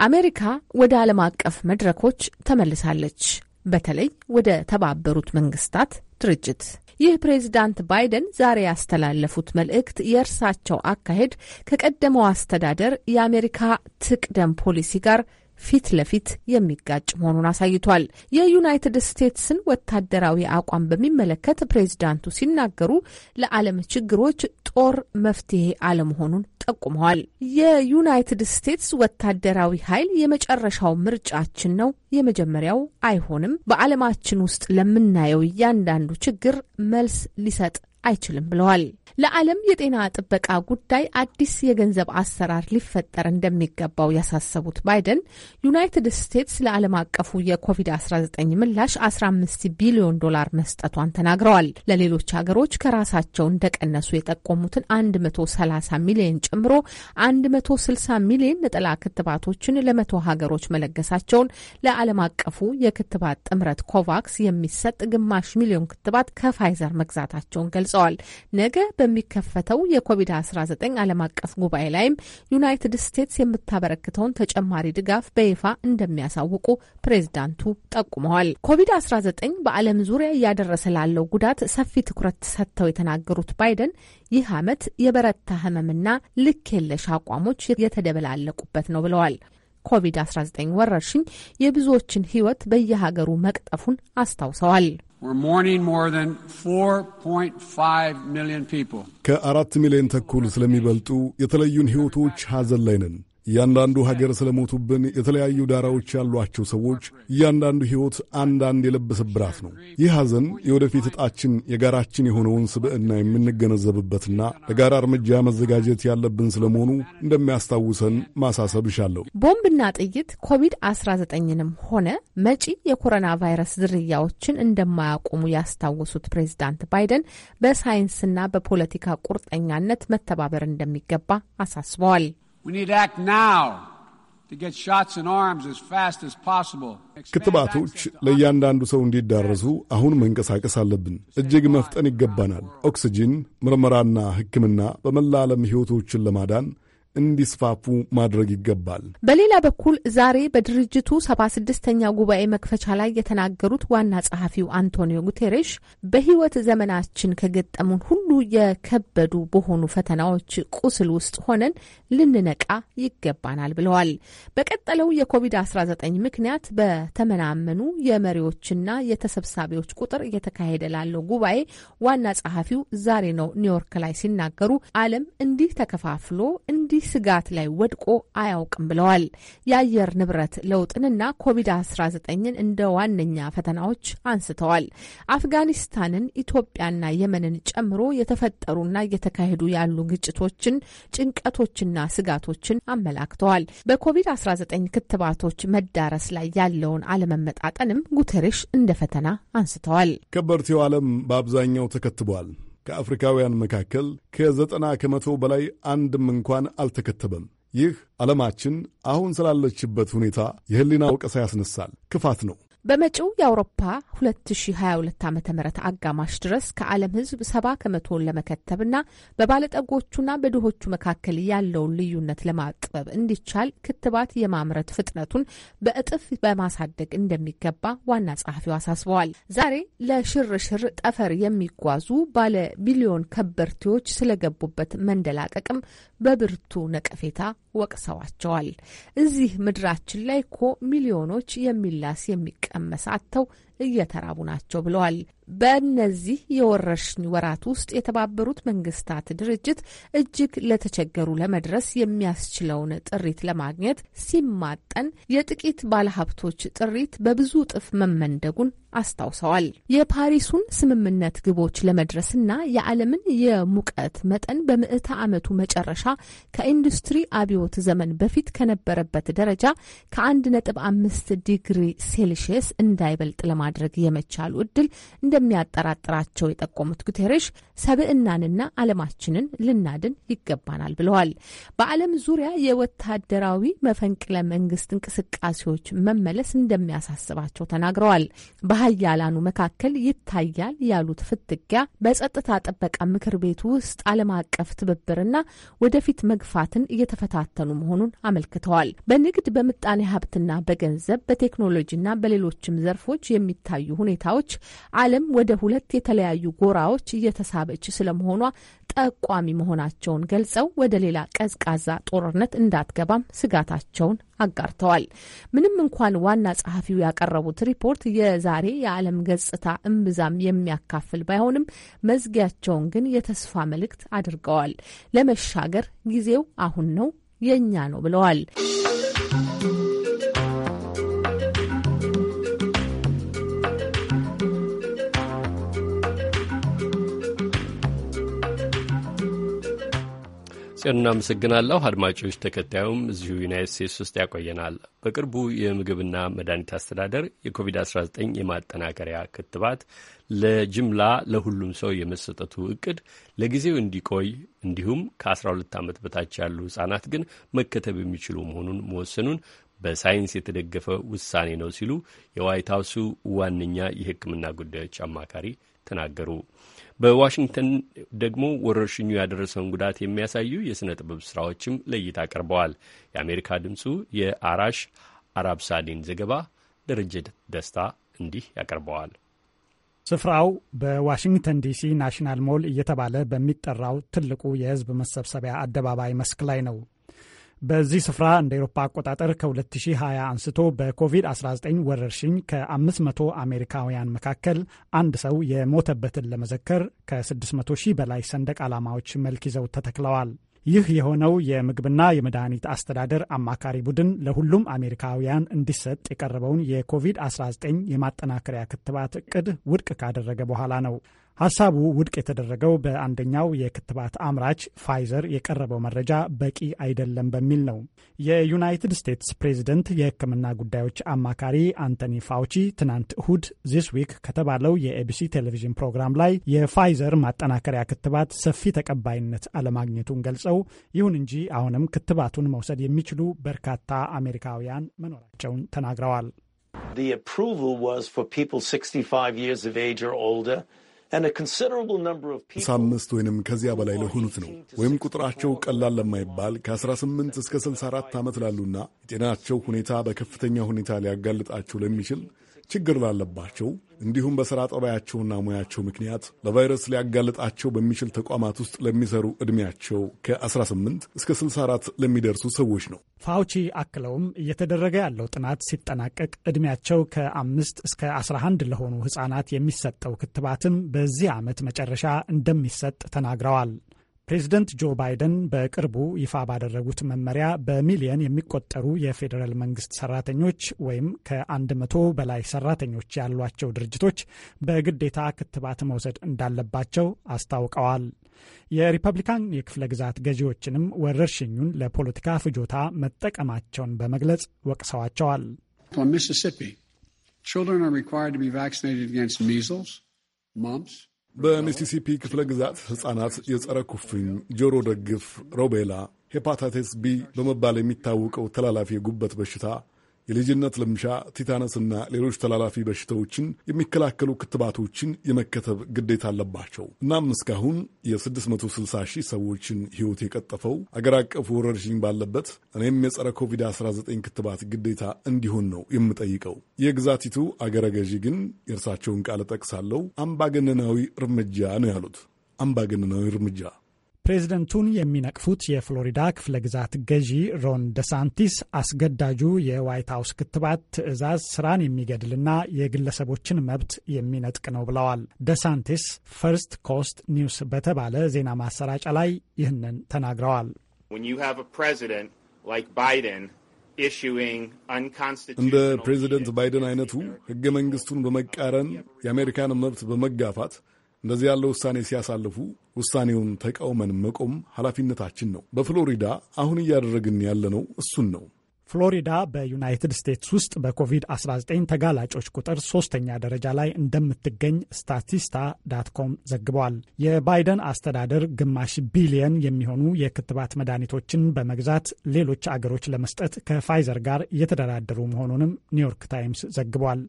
አሜሪካ ወደ ዓለም አቀፍ መድረኮች ተመልሳለች። በተለይ ወደ ተባበሩት መንግስታት ድርጅት። ይህ ፕሬዚዳንት ባይደን ዛሬ ያስተላለፉት መልእክት የእርሳቸው አካሄድ ከቀደመው አስተዳደር የአሜሪካ ትቅደም ፖሊሲ ጋር ፊት ለፊት የሚጋጭ መሆኑን አሳይቷል። የዩናይትድ ስቴትስን ወታደራዊ አቋም በሚመለከት ፕሬዚዳንቱ ሲናገሩ ለዓለም ችግሮች ጦር መፍትሄ አለመሆኑን ጠቁመዋል። የዩናይትድ ስቴትስ ወታደራዊ ኃይል የመጨረሻው ምርጫችን ነው፣ የመጀመሪያው አይሆንም። በዓለማችን ውስጥ ለምናየው እያንዳንዱ ችግር መልስ ሊሰጥ አይችልም ብለዋል። ለዓለም የጤና ጥበቃ ጉዳይ አዲስ የገንዘብ አሰራር ሊፈጠር እንደሚገባው ያሳሰቡት ባይደን ዩናይትድ ስቴትስ ለዓለም አቀፉ የኮቪድ-19 ምላሽ 15 ቢሊዮን ዶላር መስጠቷን ተናግረዋል። ለሌሎች ሀገሮች ከራሳቸው እንደቀነሱ የጠቆሙትን 130 ሚሊዮን ጨምሮ 160 ሚሊዮን ነጠላ ክትባቶችን ለመቶ ሀገሮች መለገሳቸውን ለዓለም አቀፉ የክትባት ጥምረት ኮቫክስ የሚሰጥ ግማሽ ሚሊዮን ክትባት ከፋይዘር መግዛታቸውን ገልጸዋል። ገልጸዋል። ነገ በሚከፈተው የኮቪድ-19 ዓለም አቀፍ ጉባኤ ላይም ዩናይትድ ስቴትስ የምታበረክተውን ተጨማሪ ድጋፍ በይፋ እንደሚያሳውቁ ፕሬዝዳንቱ ጠቁመዋል። ኮቪድ-19 በዓለም ዙሪያ እያደረሰ ላለው ጉዳት ሰፊ ትኩረት ሰጥተው የተናገሩት ባይደን ይህ ዓመት የበረታ ህመምና ልክ የለሽ አቋሞች የተደበላለቁበት ነው ብለዋል። ኮቪድ-19 ወረርሽኝ የብዙዎችን ህይወት በየሀገሩ መቅጠፉን አስታውሰዋል። ከአራት ሚሊዮን ተኩል ስለሚበልጡ የተለዩን ሕይወቶች ሐዘን ላይ ነን። እያንዳንዱ ሀገር ስለሞቱብን የተለያዩ ዳራዎች ያሏቸው ሰዎች እያንዳንዱ ሕይወት አንዳንድ የልብ ነው። ይህ ሐዘን የወደፊት ዕጣችን የጋራችን የሆነውን ስብዕና የምንገነዘብበትና ለጋራ እርምጃ መዘጋጀት ያለብን ስለመሆኑ እንደሚያስታውሰን ማሳሰብ እሻለሁ። ቦምብና ጥይት ኮቪድ-19ንም ሆነ መጪ የኮሮና ቫይረስ ዝርያዎችን እንደማያቆሙ ያስታወሱት ፕሬዚዳንት ባይደን በሳይንስና በፖለቲካ ቁርጠኛነት መተባበር እንደሚገባ አሳስበዋል። ክትባቶች ለእያንዳንዱ ሰው እንዲዳረሱ አሁን መንቀሳቀስ አለብን። እጅግ መፍጠን ይገባናል። ኦክስጂን፣ ምርመራና ሕክምና በመላ ዓለም ሕይወቶችን ለማዳን እንዲስፋፉ ማድረግ ይገባል። በሌላ በኩል ዛሬ በድርጅቱ ሰባ ስድስተኛ ጉባኤ መክፈቻ ላይ የተናገሩት ዋና ጸሐፊው አንቶኒዮ ጉቴሬሽ በሕይወት ዘመናችን ከገጠሙን ሁሉ የከበዱ በሆኑ ፈተናዎች ቁስል ውስጥ ሆነን ልንነቃ ይገባናል ብለዋል። በቀጠለው የኮቪድ-19 ምክንያት በተመናመኑ የመሪዎችና የተሰብሳቢዎች ቁጥር እየተካሄደ ላለው ጉባኤ ዋና ጸሐፊው ዛሬ ነው ኒውዮርክ ላይ ሲናገሩ ዓለም እንዲህ ተከፋፍሎ እንዲህ በዚህ ስጋት ላይ ወድቆ አያውቅም ብለዋል። የአየር ንብረት ለውጥንና ኮቪድ-19ን እንደ ዋነኛ ፈተናዎች አንስተዋል። አፍጋኒስታንን፣ ኢትዮጵያና የመንን ጨምሮ የተፈጠሩና እየተካሄዱ ያሉ ግጭቶችን፣ ጭንቀቶችና ስጋቶችን አመላክተዋል። በኮቪድ-19 ክትባቶች መዳረስ ላይ ያለውን አለመመጣጠንም ጉተሬሽ እንደ ፈተና አንስተዋል። ከበርቴው ዓለም በአብዛኛው ተከትቧል። ከአፍሪካውያን መካከል ከዘጠና ከመቶ በላይ አንድም እንኳን አልተከተበም። ይህ ዓለማችን አሁን ስላለችበት ሁኔታ የህሊና ወቀሳ ያስነሳል፣ ክፋት ነው። በመጪው የአውሮፓ 2022 ዓ ም አጋማሽ ድረስ ከዓለም ሕዝብ 70 ከመቶውን ለመከተብና በባለጠጎቹና በድሆቹ መካከል ያለውን ልዩነት ለማጥበብ እንዲቻል ክትባት የማምረት ፍጥነቱን በእጥፍ በማሳደግ እንደሚገባ ዋና ጸሐፊው አሳስበዋል። ዛሬ ለሽርሽር ጠፈር የሚጓዙ ባለ ቢሊዮን ከበርቴዎች ስለገቡበት መንደላቀቅም በብርቱ ነቀፌታ ወቅሰዋቸዋል። እዚህ ምድራችን ላይ እኮ ሚሊዮኖች የሚላስ የሚቀመስ አጥተው እየተራቡ ናቸው ብለዋል። በእነዚህ የወረርሽኝ ወራት ውስጥ የተባበሩት መንግስታት ድርጅት እጅግ ለተቸገሩ ለመድረስ የሚያስችለውን ጥሪት ለማግኘት ሲማጠን የጥቂት ባለሀብቶች ጥሪት በብዙ እጥፍ መመንደጉን አስታውሰዋል። የፓሪሱን ስምምነት ግቦች ለመድረስና የዓለምን የሙቀት መጠን በምዕተ ዓመቱ መጨረሻ ከኢንዱስትሪ አብዮት ዘመን በፊት ከነበረበት ደረጃ ከአንድ ነጥብ አምስት ዲግሪ ሴልሺየስ እንዳይበልጥ ለማድረግ ለማድረግ የመቻሉ እድል እንደሚያጠራጥራቸው የጠቆሙት ጉቴሬሽ ሰብዕናንና ዓለማችንን ልናድን ይገባናል ብለዋል። በዓለም ዙሪያ የወታደራዊ መፈንቅለ መንግስት እንቅስቃሴዎች መመለስ እንደሚያሳስባቸው ተናግረዋል። በሀያላኑ መካከል ይታያል ያሉት ፍትጊያ በጸጥታ ጥበቃ ምክር ቤት ውስጥ ዓለም አቀፍ ትብብርና ወደፊት መግፋትን እየተፈታተኑ መሆኑን አመልክተዋል። በንግድ በምጣኔ ሀብትና በገንዘብ በቴክኖሎጂና በሌሎችም ዘርፎች የሚታዩ ሁኔታዎች ዓለም ወደ ሁለት የተለያዩ ጎራዎች እየተሳ የተሳበች ስለመሆኗ ጠቋሚ መሆናቸውን ገልጸው ወደ ሌላ ቀዝቃዛ ጦርነት እንዳትገባም ስጋታቸውን አጋርተዋል። ምንም እንኳን ዋና ጸሐፊው ያቀረቡት ሪፖርት የዛሬ የዓለም ገጽታ እምብዛም የሚያካፍል ባይሆንም መዝጊያቸውን ግን የተስፋ መልእክት አድርገዋል። ለመሻገር ጊዜው አሁን ነው፣ የእኛ ነው ብለዋል። ጽዮን እናመሰግናለሁ። አድማጮች፣ ተከታዩም እዚሁ ዩናይት ስቴትስ ውስጥ ያቆየናል። በቅርቡ የምግብና መድኃኒት አስተዳደር የኮቪድ-19 የማጠናከሪያ ክትባት ለጅምላ ለሁሉም ሰው የመሰጠቱ እቅድ ለጊዜው እንዲቆይ እንዲሁም ከ12 ዓመት በታች ያሉ ሕጻናት ግን መከተብ የሚችሉ መሆኑን መወሰኑን በሳይንስ የተደገፈ ውሳኔ ነው ሲሉ የዋይት ሀውሱ ዋነኛ የሕክምና ጉዳዮች አማካሪ ተናገሩ። በዋሽንግተን ደግሞ ወረርሽኙ ያደረሰውን ጉዳት የሚያሳዩ የሥነ ጥበብ ሥራዎችም ለእይታ ቀርበዋል። የአሜሪካ ድምፁ የአራሽ አራብ ሳዴን ዘገባ ድርጅት ደስታ እንዲህ ያቀርበዋል። ስፍራው በዋሽንግተን ዲሲ ናሽናል ሞል እየተባለ በሚጠራው ትልቁ የሕዝብ መሰብሰቢያ አደባባይ መስክ ላይ ነው። በዚህ ስፍራ እንደ ኤሮፓ አቆጣጠር ከ2020 አንስቶ በኮቪድ-19 ወረርሽኝ ከ500 አሜሪካውያን መካከል አንድ ሰው የሞተበትን ለመዘከር ከ600 ሺህ በላይ ሰንደቅ ዓላማዎች መልክ ይዘው ተተክለዋል። ይህ የሆነው የምግብና የመድኃኒት አስተዳደር አማካሪ ቡድን ለሁሉም አሜሪካውያን እንዲሰጥ የቀረበውን የኮቪድ-19 የማጠናከሪያ ክትባት እቅድ ውድቅ ካደረገ በኋላ ነው። ሀሳቡ ውድቅ የተደረገው በአንደኛው የክትባት አምራች ፋይዘር የቀረበው መረጃ በቂ አይደለም በሚል ነው። የዩናይትድ ስቴትስ ፕሬዝደንት የሕክምና ጉዳዮች አማካሪ አንቶኒ ፋውቺ ትናንት እሁድ ዚስ ዊክ ከተባለው የኤቢሲ ቴሌቪዥን ፕሮግራም ላይ የፋይዘር ማጠናከሪያ ክትባት ሰፊ ተቀባይነት አለማግኘቱን ገልጸው ይሁን እንጂ አሁንም ክትባቱን መውሰድ የሚችሉ በርካታ አሜሪካውያን መኖራቸውን ተናግረዋል። The approval was for people 65 years of age or older. ሳምስት ወይንም ከዚያ በላይ ለሆኑት ነው ወይም ቁጥራቸው ቀላል ለማይባል ከ18 እስከ 64 ዓመት ላሉና የጤናቸው ሁኔታ በከፍተኛ ሁኔታ ሊያጋልጣቸው ለሚችል ችግር ላለባቸው እንዲሁም በሥራ ጠባያቸውና ሙያቸው ምክንያት ለቫይረስ ሊያጋልጣቸው በሚችል ተቋማት ውስጥ ለሚሰሩ ዕድሜያቸው ከ18 እስከ 64 ለሚደርሱ ሰዎች ነው። ፋውቺ አክለውም እየተደረገ ያለው ጥናት ሲጠናቀቅ ዕድሜያቸው ከአምስት እስከ 11 ለሆኑ ሕፃናት የሚሰጠው ክትባትም በዚህ ዓመት መጨረሻ እንደሚሰጥ ተናግረዋል። ፕሬዚደንት ጆ ባይደን በቅርቡ ይፋ ባደረጉት መመሪያ በሚሊየን የሚቆጠሩ የፌዴራል መንግስት ሰራተኞች ወይም ከ100 በላይ ሰራተኞች ያሏቸው ድርጅቶች በግዴታ ክትባት መውሰድ እንዳለባቸው አስታውቀዋል። የሪፐብሊካን የክፍለ ግዛት ገዢዎችንም ወረርሽኙን ለፖለቲካ ፍጆታ መጠቀማቸውን በመግለጽ ወቅሰዋቸዋል። ሚሲሲፒ children are required to be በሚሲሲፒ ክፍለ ግዛት ሕፃናት የጸረ ኩፍኝ፣ ጆሮ ደግፍ፣ ሮቤላ፣ ሄፓታይተስ ቢ በመባል የሚታወቀው ተላላፊ የጉበት በሽታ የልጅነት ልምሻ፣ ቲታነስና ሌሎች ተላላፊ በሽታዎችን የሚከላከሉ ክትባቶችን የመከተብ ግዴታ አለባቸው። እናም እስካሁን የ660 ሺህ ሰዎችን ሕይወት የቀጠፈው አገር አቀፍ ወረርሽኝ ባለበት እኔም የጸረ ኮቪድ-19 ክትባት ግዴታ እንዲሆን ነው የምጠይቀው። የግዛቲቱ አገረ ገዢ ግን የእርሳቸውን ቃል ጠቅሳለሁ፣ አምባገነናዊ እርምጃ ነው ያሉት። አምባገነናዊ እርምጃ ፕሬዝደንቱን የሚነቅፉት የፍሎሪዳ ክፍለ ግዛት ገዢ ሮን ደሳንቲስ አስገዳጁ የዋይት ሀውስ ክትባት ትዕዛዝ ስራን የሚገድልና የግለሰቦችን መብት የሚነጥቅ ነው ብለዋል። ደሳንቲስ ፈርስት ኮስት ኒውስ በተባለ ዜና ማሰራጫ ላይ ይህንን ተናግረዋል። እንደ ፕሬዚደንት ባይደን አይነቱ ህገ መንግስቱን በመቃረን የአሜሪካን መብት በመጋፋት እንደዚህ ያለ ውሳኔ ሲያሳልፉ ውሳኔውን ተቃውመን መቆም ኃላፊነታችን ነው። በፍሎሪዳ አሁን እያደረግን ያለነው እሱን ነው። ፍሎሪዳ በዩናይትድ ስቴትስ ውስጥ በኮቪድ-19 ተጋላጮች ቁጥር ሶስተኛ ደረጃ ላይ እንደምትገኝ ስታቲስታ ዳትኮም ዘግቧል። የባይደን አስተዳደር ግማሽ ቢሊየን የሚሆኑ የክትባት መድኃኒቶችን በመግዛት ሌሎች አገሮች ለመስጠት ከፋይዘር ጋር እየተደራደሩ መሆኑንም ኒውዮርክ ታይምስ ዘግቧል።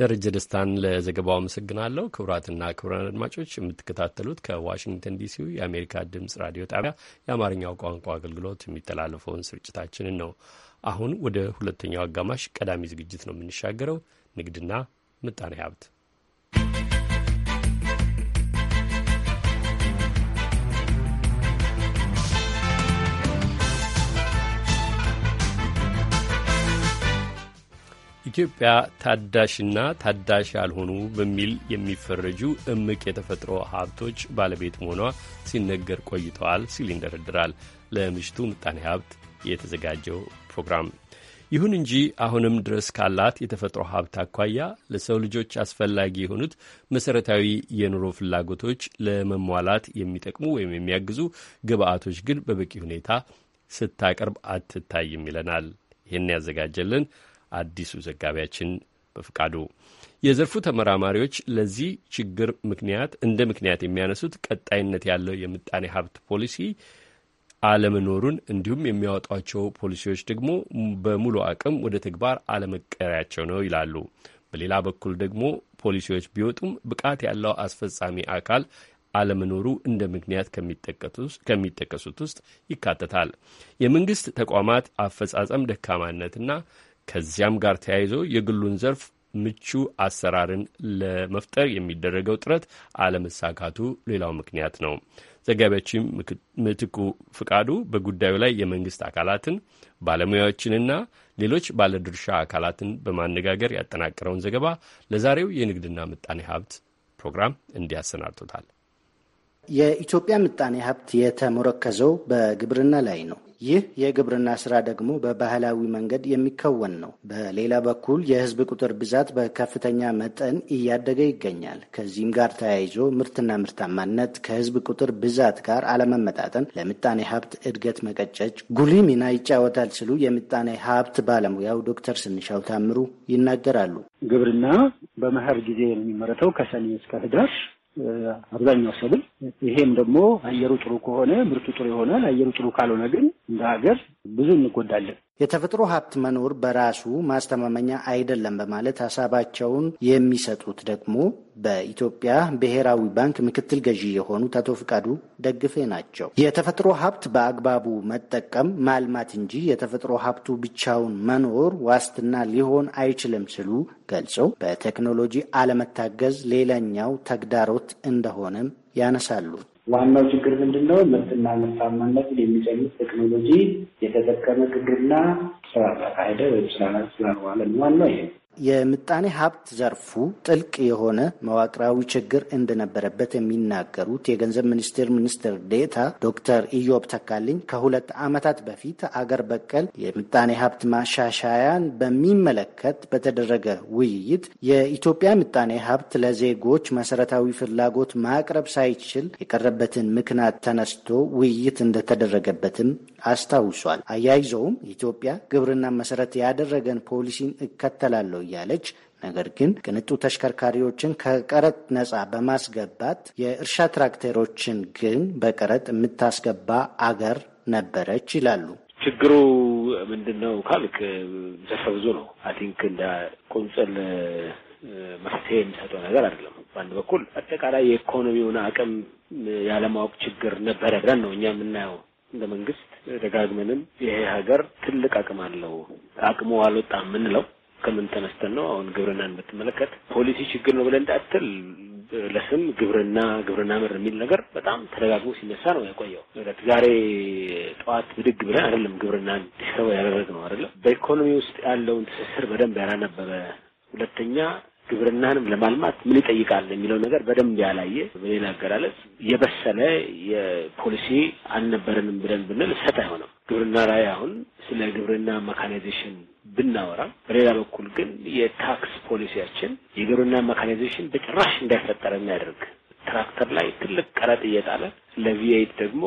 ደረጀ ደስታን ለዘገባው አመሰግናለሁ። ክቡራትና ክቡራን አድማጮች የምትከታተሉት ከዋሽንግተን ዲሲው የአሜሪካ ድምፅ ራዲዮ ጣቢያ የአማርኛው ቋንቋ አገልግሎት የሚተላለፈውን ስርጭታችንን ነው። አሁን ወደ ሁለተኛው አጋማሽ ቀዳሚ ዝግጅት ነው የምንሻገረው፣ ንግድና ምጣኔ ሀብት ኢትዮጵያ ታዳሽና ታዳሽ ያልሆኑ በሚል የሚፈረጁ እምቅ የተፈጥሮ ሀብቶች ባለቤት መሆኗ ሲነገር ቆይተዋል ሲል ይንደረድራል ለምሽቱ ምጣኔ ሀብት የተዘጋጀው ፕሮግራም። ይሁን እንጂ አሁንም ድረስ ካላት የተፈጥሮ ሀብት አኳያ ለሰው ልጆች አስፈላጊ የሆኑት መሰረታዊ የኑሮ ፍላጎቶች ለመሟላት የሚጠቅሙ ወይም የሚያግዙ ግብአቶች ግን በበቂ ሁኔታ ስታቀርብ አትታይም ይለናል። ይህን ያዘጋጀልን አዲሱ ዘጋቢያችን በፍቃዱ የዘርፉ ተመራማሪዎች ለዚህ ችግር ምክንያት እንደ ምክንያት የሚያነሱት ቀጣይነት ያለው የምጣኔ ሀብት ፖሊሲ አለመኖሩን እንዲሁም የሚያወጧቸው ፖሊሲዎች ደግሞ በሙሉ አቅም ወደ ተግባር አለመቀሪያቸው ነው ይላሉ። በሌላ በኩል ደግሞ ፖሊሲዎች ቢወጡም ብቃት ያለው አስፈጻሚ አካል አለመኖሩ እንደ ምክንያት ከሚጠቀሱት ውስጥ ይካተታል። የመንግስት ተቋማት አፈጻጸም ደካማነትና ከዚያም ጋር ተያይዞ የግሉን ዘርፍ ምቹ አሰራርን ለመፍጠር የሚደረገው ጥረት አለመሳካቱ ሌላው ምክንያት ነው። ዘጋቢያችን ምትኩ ፍቃዱ በጉዳዩ ላይ የመንግስት አካላትን ባለሙያዎችንና ሌሎች ባለድርሻ አካላትን በማነጋገር ያጠናቀረውን ዘገባ ለዛሬው የንግድና ምጣኔ ሀብት ፕሮግራም እንዲያሰናድቶታል። የኢትዮጵያ ምጣኔ ሀብት የተሞረከዘው በግብርና ላይ ነው። ይህ የግብርና ስራ ደግሞ በባህላዊ መንገድ የሚከወን ነው። በሌላ በኩል የህዝብ ቁጥር ብዛት በከፍተኛ መጠን እያደገ ይገኛል። ከዚህም ጋር ተያይዞ ምርትና ምርታማነት ከህዝብ ቁጥር ብዛት ጋር አለመመጣጠን ለምጣኔ ሀብት እድገት መቀጨጭ ጉልህ ሚና ይጫወታል ሲሉ የምጣኔ ሀብት ባለሙያው ዶክተር ስንሻው ታምሩ ይናገራሉ። ግብርና በመኸር ጊዜ የሚመረተው ከሰኔ እስከ ህዳር አብዛኛው ሰብል። ይሄም ደግሞ አየሩ ጥሩ ከሆነ ምርቱ ጥሩ ይሆናል። አየሩ ጥሩ ካልሆነ ግን እንደ ሀገር ብዙ እንጎዳለን። የተፈጥሮ ሀብት መኖር በራሱ ማስተማመኛ አይደለም በማለት ሀሳባቸውን የሚሰጡት ደግሞ በኢትዮጵያ ብሔራዊ ባንክ ምክትል ገዢ የሆኑት አቶ ፍቃዱ ደግፌ ናቸው። የተፈጥሮ ሀብት በአግባቡ መጠቀም ማልማት እንጂ የተፈጥሮ ሀብቱ ብቻውን መኖር ዋስትና ሊሆን አይችልም ሲሉ ገልጸው በቴክኖሎጂ አለመታገዝ ሌላኛው ተግዳሮት እንደሆነም ያነሳሉ። ዋናው ችግር ምንድን ነው? ምርትና ምርታማነትን የሚጨምር ቴክኖሎጂ የተጠቀመ ግብርና ስራ ስላካሄደ ወይም ስራ ስላልዋለን ዋናው ይሄ የምጣኔ ሀብት ዘርፉ ጥልቅ የሆነ መዋቅራዊ ችግር እንደነበረበት የሚናገሩት የገንዘብ ሚኒስቴር ሚኒስትር ዴታ ዶክተር ኢዮብ ተካልኝ ከሁለት ዓመታት በፊት አገር በቀል የምጣኔ ሀብት ማሻሻያን በሚመለከት በተደረገ ውይይት የኢትዮጵያ ምጣኔ ሀብት ለዜጎች መሰረታዊ ፍላጎት ማቅረብ ሳይችል የቀረበትን ምክንያት ተነስቶ ውይይት እንደተደረገበትም አስታውሷል። አያይዘውም ኢትዮጵያ ግብርና መሰረት ያደረገን ፖሊሲን እከተላለሁ እያለች ነገር ግን ቅንጡ ተሽከርካሪዎችን ከቀረጥ ነፃ በማስገባት የእርሻ ትራክተሮችን ግን በቀረጥ የምታስገባ አገር ነበረች ይላሉ። ችግሩ ምንድን ነው ካልክ ዘርፈ ብዙ ነው። አይ ቲንክ እንደ ቁንጽል መፍትሄ የሚሰጠው ነገር አይደለም። በአንድ በኩል አጠቃላይ የኢኮኖሚውን አቅም ያለማወቅ ችግር ነበረ ብለን ነው እኛ የምናየው እንደ መንግስት ደጋግመንም ይሄ ሀገር ትልቅ አቅም አለው፣ አቅሙ አልወጣ የምንለው ከምን ተነስተን ነው? አሁን ግብርናን ብትመለከት ፖሊሲ ችግር ነው ብለን እንዳትል ለስም ግብርና ግብርና ምር የሚል ነገር በጣም ተደጋግሞ ሲነሳ ነው የቆየው። ዛሬ ጠዋት ብድግ ብለን አይደለም ግብርናን ዲስከበር ያደረግ ነው አይደለም። በኢኮኖሚ ውስጥ ያለውን ትስስር በደንብ ያላነበበ ሁለተኛ ግብርናንም ለማልማት ምን ይጠይቃል የሚለው ነገር በደንብ ያላየ በሌላ አገላለጽ የበሰለ የፖሊሲ አልነበረንም ብለን ብንል ሰጥ አይሆንም። ግብርና ላይ አሁን ስለ ግብርና መካናይዜሽን ብናወራ፣ በሌላ በኩል ግን የታክስ ፖሊሲያችን የግብርና መካናይዜሽን በጭራሽ እንዳይፈጠር የሚያደርግ ትራክተር ላይ ትልቅ ቀረጥ እየጣለ ለቪኤት ደግሞ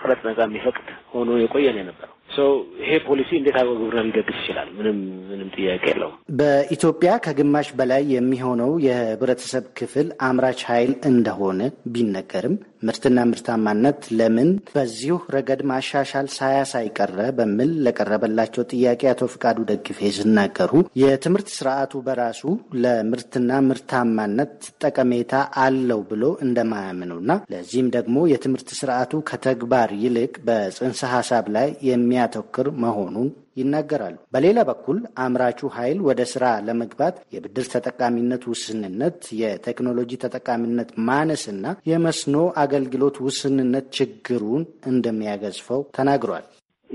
ቀረጥ ነጻ የሚፈቅድ ሆኖ የቆየ ነው የነበረው። ሰው ይሄ ፖሊሲ እንዴት አድርጎ ግብርን ሊደግፍ ይችላል? ምንም ምንም ጥያቄ የለውም። በኢትዮጵያ ከግማሽ በላይ የሚሆነው የህብረተሰብ ክፍል አምራች ኃይል እንደሆነ ቢነገርም ምርትና ምርታማነት ለምን በዚሁ ረገድ ማሻሻል ሳያሳይ ቀረ በሚል ለቀረበላቸው ጥያቄ አቶ ፍቃዱ ደግፌ ሲናገሩ የትምህርት ስርዓቱ በራሱ ለምርትና ምርታማነት ጠቀሜታ አለው ብሎ እንደማያምኑና ለዚህም ደግሞ የትምህርት ስርዓቱ ከተግባር ይልቅ በጽንሰ ሀሳብ ላይ የሚያተኩር መሆኑን ይናገራሉ። በሌላ በኩል አምራቹ ኃይል ወደ ስራ ለመግባት የብድር ተጠቃሚነት ውስንነት፣ የቴክኖሎጂ ተጠቃሚነት ማነስና የመስኖ አገልግሎት ውስንነት ችግሩን እንደሚያገዝፈው ተናግሯል።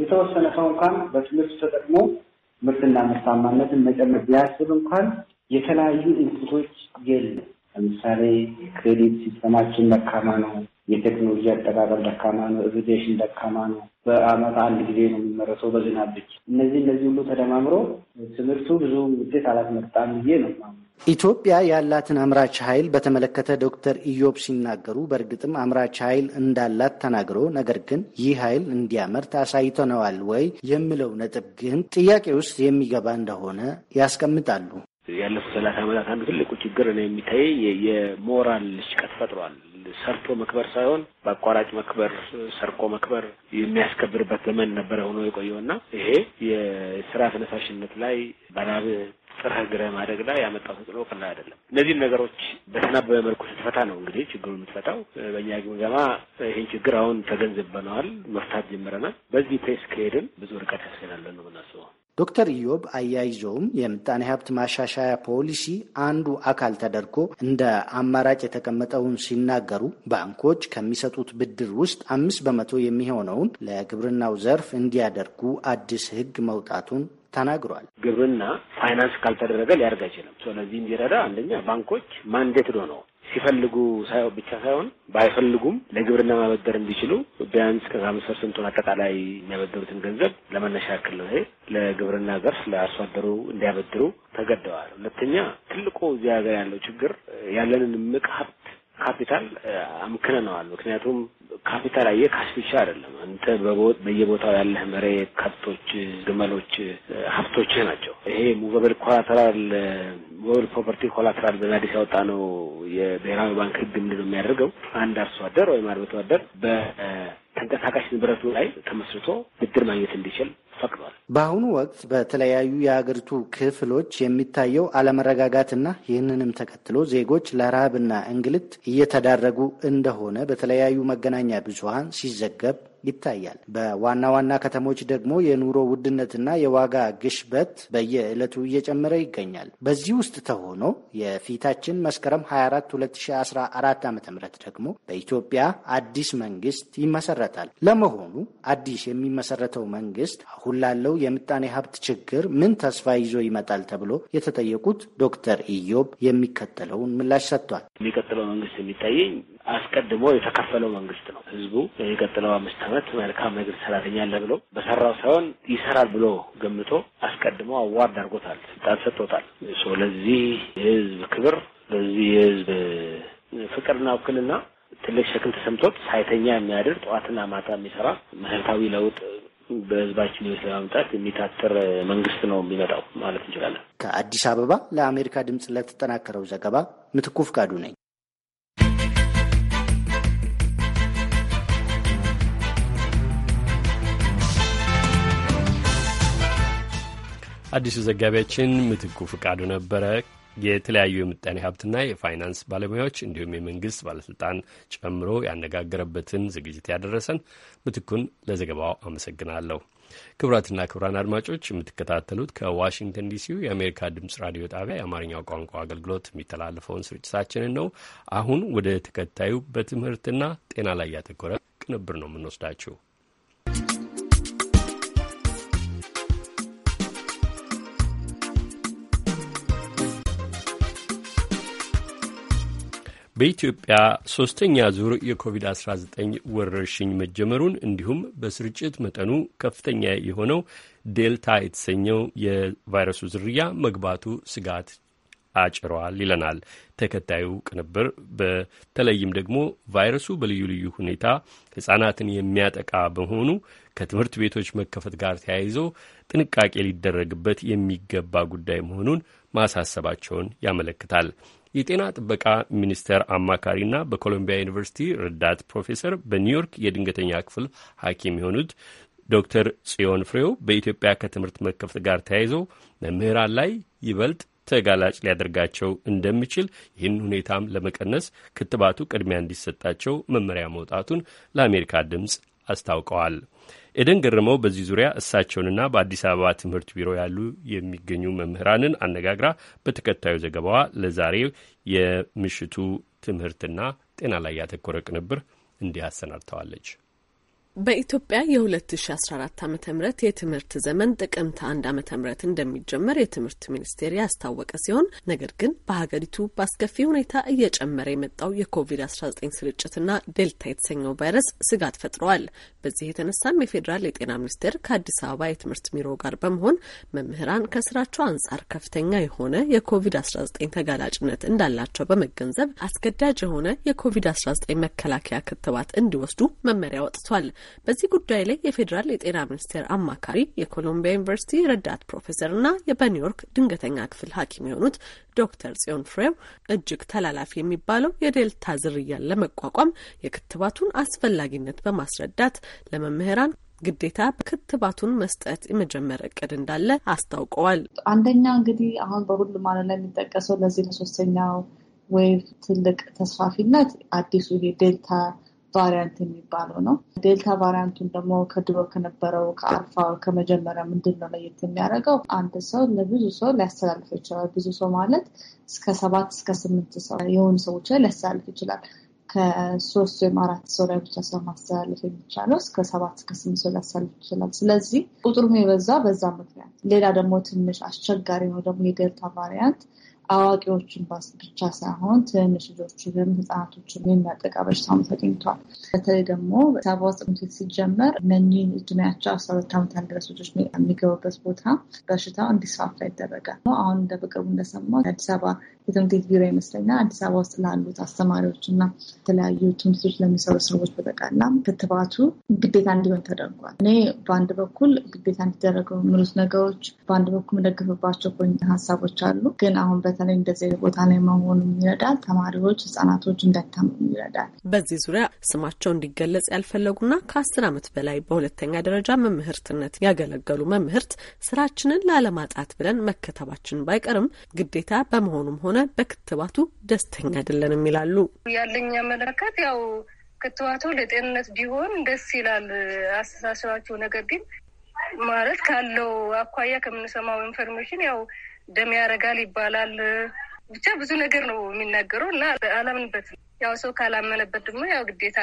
የተወሰነ ሰው እንኳን በትምህርት ተጠቅሞ ምርትና ምርታማነትን መጨመር ቢያስብ እንኳን የተለያዩ ኢንስቲቶች የለም። ለምሳሌ ክሬዲት ሲስተማችን ደካማ ነው። የቴክኖሎጂ አጠቃቀም ደካማ ነው፣ ኤቪቴሽን ደካማ ነው፣ በአመት አንድ ጊዜ ነው የሚመረተው በዝናብ ብቻ። እነዚህ እነዚህ ሁሉ ተደማምሮ ትምህርቱ ብዙ ውጤት አላስመጣም ብዬ ነው። ኢትዮጵያ ያላትን አምራች ኃይል በተመለከተ ዶክተር ኢዮብ ሲናገሩ በእርግጥም አምራች ኃይል እንዳላት ተናግሮ ነገር ግን ይህ ኃይል እንዲያመርት አሳይተነዋል ወይ የሚለው ነጥብ ግን ጥያቄ ውስጥ የሚገባ እንደሆነ ያስቀምጣሉ። ያለፉት ሰላሳ ዓመታት አንዱ ትልቁ ችግር ነው የሚታይ የሞራል ሽቀት ፈጥሯል። ሰርቶ መክበር ሳይሆን በአቋራጭ መክበር፣ ሰርቆ መክበር የሚያስከብርበት ዘመን ነበረ ሆኖ የቆየው እና ይሄ የስራ ተነሳሽነት ላይ በላብ ጥረህ ግረህ ማደግ ላይ ያመጣው ተጽዕኖ ቀላል አይደለም። እነዚህም ነገሮች በተናበበ መልኩ ስትፈታ ነው እንግዲህ ችግሩ የምትፈታው። በእኛ ግምገማ ይህን ችግር አሁን ተገንዝበነዋል፣ መፍታት ጀምረናል። በዚህ ፔስ ከሄድን ብዙ ርቀት ያስገናለን ነው የምናስበው። ዶክተር ኢዮብ አያይዘውም የምጣኔ ሀብት ማሻሻያ ፖሊሲ አንዱ አካል ተደርጎ እንደ አማራጭ የተቀመጠውን ሲናገሩ ባንኮች ከሚሰጡት ብድር ውስጥ አምስት በመቶ የሚሆነውን ለግብርናው ዘርፍ እንዲያደርጉ አዲስ ሕግ መውጣቱን ተናግሯል። ግብርና ፋይናንስ ካልተደረገ ሊያደርግ አይችልም። ስለዚህ እንዲረዳ አንደኛ ባንኮች ማንዴት ዶ ነው ሲፈልጉ ሳይሆን ብቻ ሳይሆን ባይፈልጉም ለግብርና ማበደር እንዲችሉ ቢያንስ ከአምስት ፐርሰንቱን አጠቃላይ የሚያበደሩትን ገንዘብ ለመነሻ ያክል ነው። ይሄ ለግብርና ዘርፍ ለአርሶ አደሩ እንዲያበድሩ ተገደዋል። ሁለተኛ ትልቁ እዚህ ሀገር ያለው ችግር ያለንን ምቅ ሀብት ካፒታል አምክነነዋል። ምክንያቱም ካፒታል አየ ካሽ ብቻ አይደለም። አንተ በየቦታው ያለህ መሬት፣ ከብቶች፣ ግመሎች ሀብቶችህ ናቸው። ይሄ ሙቨብል ኮላተራል ሙቨብል ፕሮፐርቲ ኮላተራል በዛዲስ ያወጣ ነው የብሔራዊ ባንክ ህግ ምንድን ነው የሚያደርገው አንድ አርሶ አደር ወይም አርብቶ አደር በተንቀሳቃሽ ንብረቱ ላይ ተመስርቶ ብድር ማግኘት እንዲችል ፈቅዷል። በአሁኑ ወቅት በተለያዩ የሀገሪቱ ክፍሎች የሚታየው አለመረጋጋትና ይህንንም ተከትሎ ዜጎች ለረሃብና እንግልት እየተዳረጉ እንደሆነ በተለያዩ መገናኛ ብዙሀን ሲዘገብ ይታያል። በዋና ዋና ከተሞች ደግሞ የኑሮ ውድነትና የዋጋ ግሽበት በየዕለቱ እየጨመረ ይገኛል። በዚህ ውስጥ ተሆኖ የፊታችን መስከረም 24 2014 ዓ ም ደግሞ በኢትዮጵያ አዲስ መንግስት ይመሰረታል። ለመሆኑ አዲስ የሚመሰረተው መንግስት አሁን ላለው የምጣኔ ሀብት ችግር ምን ተስፋ ይዞ ይመጣል ተብሎ የተጠየቁት ዶክተር ኢዮብ የሚከተለውን ምላሽ ሰጥቷል። የሚቀጥለው መንግስት የሚታየኝ አስቀድሞ የተከፈለው መንግስት ነው። ህዝቡ የቀጥለው አምስት ዓመት መልካም ነገር አለ ብሎ በሰራው ሳይሆን ይሰራል ብሎ ገምቶ አስቀድሞ አዋርድ አድርጎታል፣ ስልጣን ሰጥቶታል። ለዚህ የህዝብ ክብር ለዚህ የህዝብ ፍቅርና ውክልና ትልቅ ሸክል ተሰምቶት ሳይተኛ የሚያድር ጠዋትና ማታ የሚሰራ መሰረታዊ ለውጥ በህዝባችን ህይወት ለማምጣት የሚታትር መንግስት ነው የሚመጣው ማለት እንችላለን። ከአዲስ አበባ ለአሜሪካ ድምፅ ለተጠናከረው ዘገባ ምትኩ ፍቃዱ ነኝ። አዲሱ ዘጋቢያችን ምትኩ ፍቃዱ ነበረ። የተለያዩ የምጣኔ ሀብትና የፋይናንስ ባለሙያዎች እንዲሁም የመንግስት ባለስልጣን ጨምሮ ያነጋገረበትን ዝግጅት ያደረሰን ምትኩን ለዘገባው አመሰግናለሁ። ክቡራትና ክቡራን አድማጮች የምትከታተሉት ከዋሽንግተን ዲሲው የአሜሪካ ድምጽ ራዲዮ ጣቢያ የአማርኛው ቋንቋ አገልግሎት የሚተላለፈውን ስርጭታችንን ነው። አሁን ወደ ተከታዩ በትምህርትና ጤና ላይ ያተኮረ ቅንብር ነው የምንወስዳችሁ። በኢትዮጵያ ሶስተኛ ዙር የኮቪድ-19 ወረርሽኝ መጀመሩን እንዲሁም በስርጭት መጠኑ ከፍተኛ የሆነው ዴልታ የተሰኘው የቫይረሱ ዝርያ መግባቱ ስጋት አጭረዋል ይለናል ተከታዩ ቅንብር። በተለይም ደግሞ ቫይረሱ በልዩ ልዩ ሁኔታ ሕጻናትን የሚያጠቃ በመሆኑ ከትምህርት ቤቶች መከፈት ጋር ተያይዞ ጥንቃቄ ሊደረግበት የሚገባ ጉዳይ መሆኑን ማሳሰባቸውን ያመለክታል። የጤና ጥበቃ ሚኒስቴር አማካሪና በኮሎምቢያ ዩኒቨርሲቲ ረዳት ፕሮፌሰር በኒውዮርክ የድንገተኛ ክፍል ሐኪም የሆኑት ዶክተር ጽዮን ፍሬው በኢትዮጵያ ከትምህርት መከፍት ጋር ተያይዞ መምህራን ላይ ይበልጥ ተጋላጭ ሊያደርጋቸው እንደሚችል ይህን ሁኔታም ለመቀነስ ክትባቱ ቅድሚያ እንዲሰጣቸው መመሪያ መውጣቱን ለአሜሪካ ድምፅ አስታውቀዋል። ኤደን ገረመው በዚህ ዙሪያ እሳቸውንና በአዲስ አበባ ትምህርት ቢሮ ያሉ የሚገኙ መምህራንን አነጋግራ በተከታዩ ዘገባዋ ለዛሬ የምሽቱ ትምህርትና ጤና ላይ ያተኮረ ቅንብር እንዲህ አሰናድተዋለች። በኢትዮጵያ የ2014 ዓ ም የትምህርት ዘመን ጥቅምት አንድ ዓ ም እንደሚጀመር የትምህርት ሚኒስቴር ያስታወቀ ሲሆን ነገር ግን በሀገሪቱ በአስከፊ ሁኔታ እየጨመረ የመጣው የኮቪድ-19 ስርጭትና ዴልታ የተሰኘው ቫይረስ ስጋት ፈጥረዋል። በዚህ የተነሳም የፌዴራል የጤና ሚኒስቴር ከአዲስ አበባ የትምህርት ቢሮ ጋር በመሆን መምህራን ከስራቸው አንጻር ከፍተኛ የሆነ የኮቪድ-19 ተጋላጭነት እንዳላቸው በመገንዘብ አስገዳጅ የሆነ የኮቪድ-19 መከላከያ ክትባት እንዲወስዱ መመሪያ ወጥቷል። በዚህ ጉዳይ ላይ የፌዴራል የጤና ሚኒስቴር አማካሪ የኮሎምቢያ ዩኒቨርሲቲ ረዳት ፕሮፌሰር እና የበኒውዮርክ ድንገተኛ ክፍል ሐኪም የሆኑት ዶክተር ጽዮን ፍሬው እጅግ ተላላፊ የሚባለው የዴልታ ዝርያን ለመቋቋም የክትባቱን አስፈላጊነት በማስረዳት ለመምህራን ግዴታ ክትባቱን መስጠት የመጀመር እቅድ እንዳለ አስታውቀዋል። አንደኛ እንግዲህ አሁን በሁሉም ዓለም ላይ የሚጠቀሰው ለዚህ ለሶስተኛው ወይ ትልቅ ተስፋፊነት አዲሱ ይሄ ዴልታ ቫሪያንት የሚባለው ነው። ዴልታ ቫሪያንቱን ደግሞ ከድሮ ከነበረው ከአልፋ ከመጀመሪያ ምንድን ነው ለየት የሚያደርገው? አንድ ሰው ለብዙ ሰው ሊያስተላልፍ ይችላል። ብዙ ሰው ማለት እስከ ሰባት እስከ ስምንት ሰው የሆኑ ሰዎች ላይ ሊያስተላልፍ ይችላል። ከሶስት ወይም አራት ሰው ላይ ብቻ ሰው ማስተላለፍ የሚቻለው እስከ ሰባት እስከ ስምንት ሰው ሊያሳልፍ ይችላል። ስለዚህ ቁጥሩም የበዛ በዛ ምክንያት። ሌላ ደግሞ ትንሽ አስቸጋሪ ነው ደግሞ የዴልታ ቫሪያንት አዋቂዎችን ብቻ ሳይሆን ትንሽ ልጆችንም ህጻናቶችን የሚያጠቃ በሽታም ተገኝቷል። በተለይ ደግሞ ሳባ ውስጥ ትምህርት ሲጀመር እነኚህን እድሜያቸው አስራ ሁለት ዓመት ያልደረሱ ልጆች የሚገቡበት ቦታ በሽታው እንዲስፋፋ ይደረጋል። አሁን እንደ በቅርቡ እንደሰማሁት አዲስ አበባ የትምህርት ቤት ቢሮ ይመስለኛል አዲስ አበባ ውስጥ ላሉት አስተማሪዎች እና የተለያዩ ትምህርቶች ለሚሰሩ ሰዎች በጠቃላ ክትባቱ ግዴታ እንዲሆን ተደርጓል። እኔ በአንድ በኩል ግዴታ እንዲደረገው የሚሉት ነገሮች በአንድ በኩል መደግፍባቸው ሀሳቦች አሉ ግን አሁን በተ በተለይ እንደዚህ ቦታ ላይ መሆኑ ይረዳል። ተማሪዎች፣ ህጻናቶች እንዳይታመሙ ይረዳል። በዚህ ዙሪያ ስማቸው እንዲገለጽ ያልፈለጉና ከአስር አመት በላይ በሁለተኛ ደረጃ መምህርትነት ያገለገሉ መምህርት ስራችንን ላለማጣት ብለን መከተባችን ባይቀርም ግዴታ በመሆኑም ሆነ በክትባቱ ደስተኛ አይደለንም ይላሉ። ያለኝ አመለካከት ያው ክትባቱ ለጤንነት ቢሆን ደስ ይላል አስተሳሰባቸው ነገር ግን ማለት ካለው አኳያ ከምንሰማው ኢንፎርሜሽን ያው ደም ያረጋል ይባላል። ብቻ ብዙ ነገር ነው የሚናገረው እና አላምንበት። ያው ሰው ካላመነበት ደግሞ ያው ግዴታ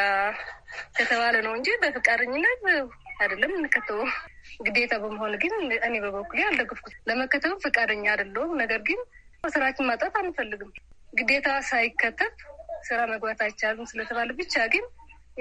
ከተባለ ነው እንጂ በፈቃደኝነት አይደለም እንከተው። ግዴታ በመሆን ግን እኔ በበኩሌ አልደገፍኩት። ለመከተብ ፈቃደኛ አይደለሁም። ነገር ግን ስራችን ማጣት አንፈልግም። ግዴታ ሳይከተብ ስራ መግባት አይቻልም ስለተባለ ብቻ ግን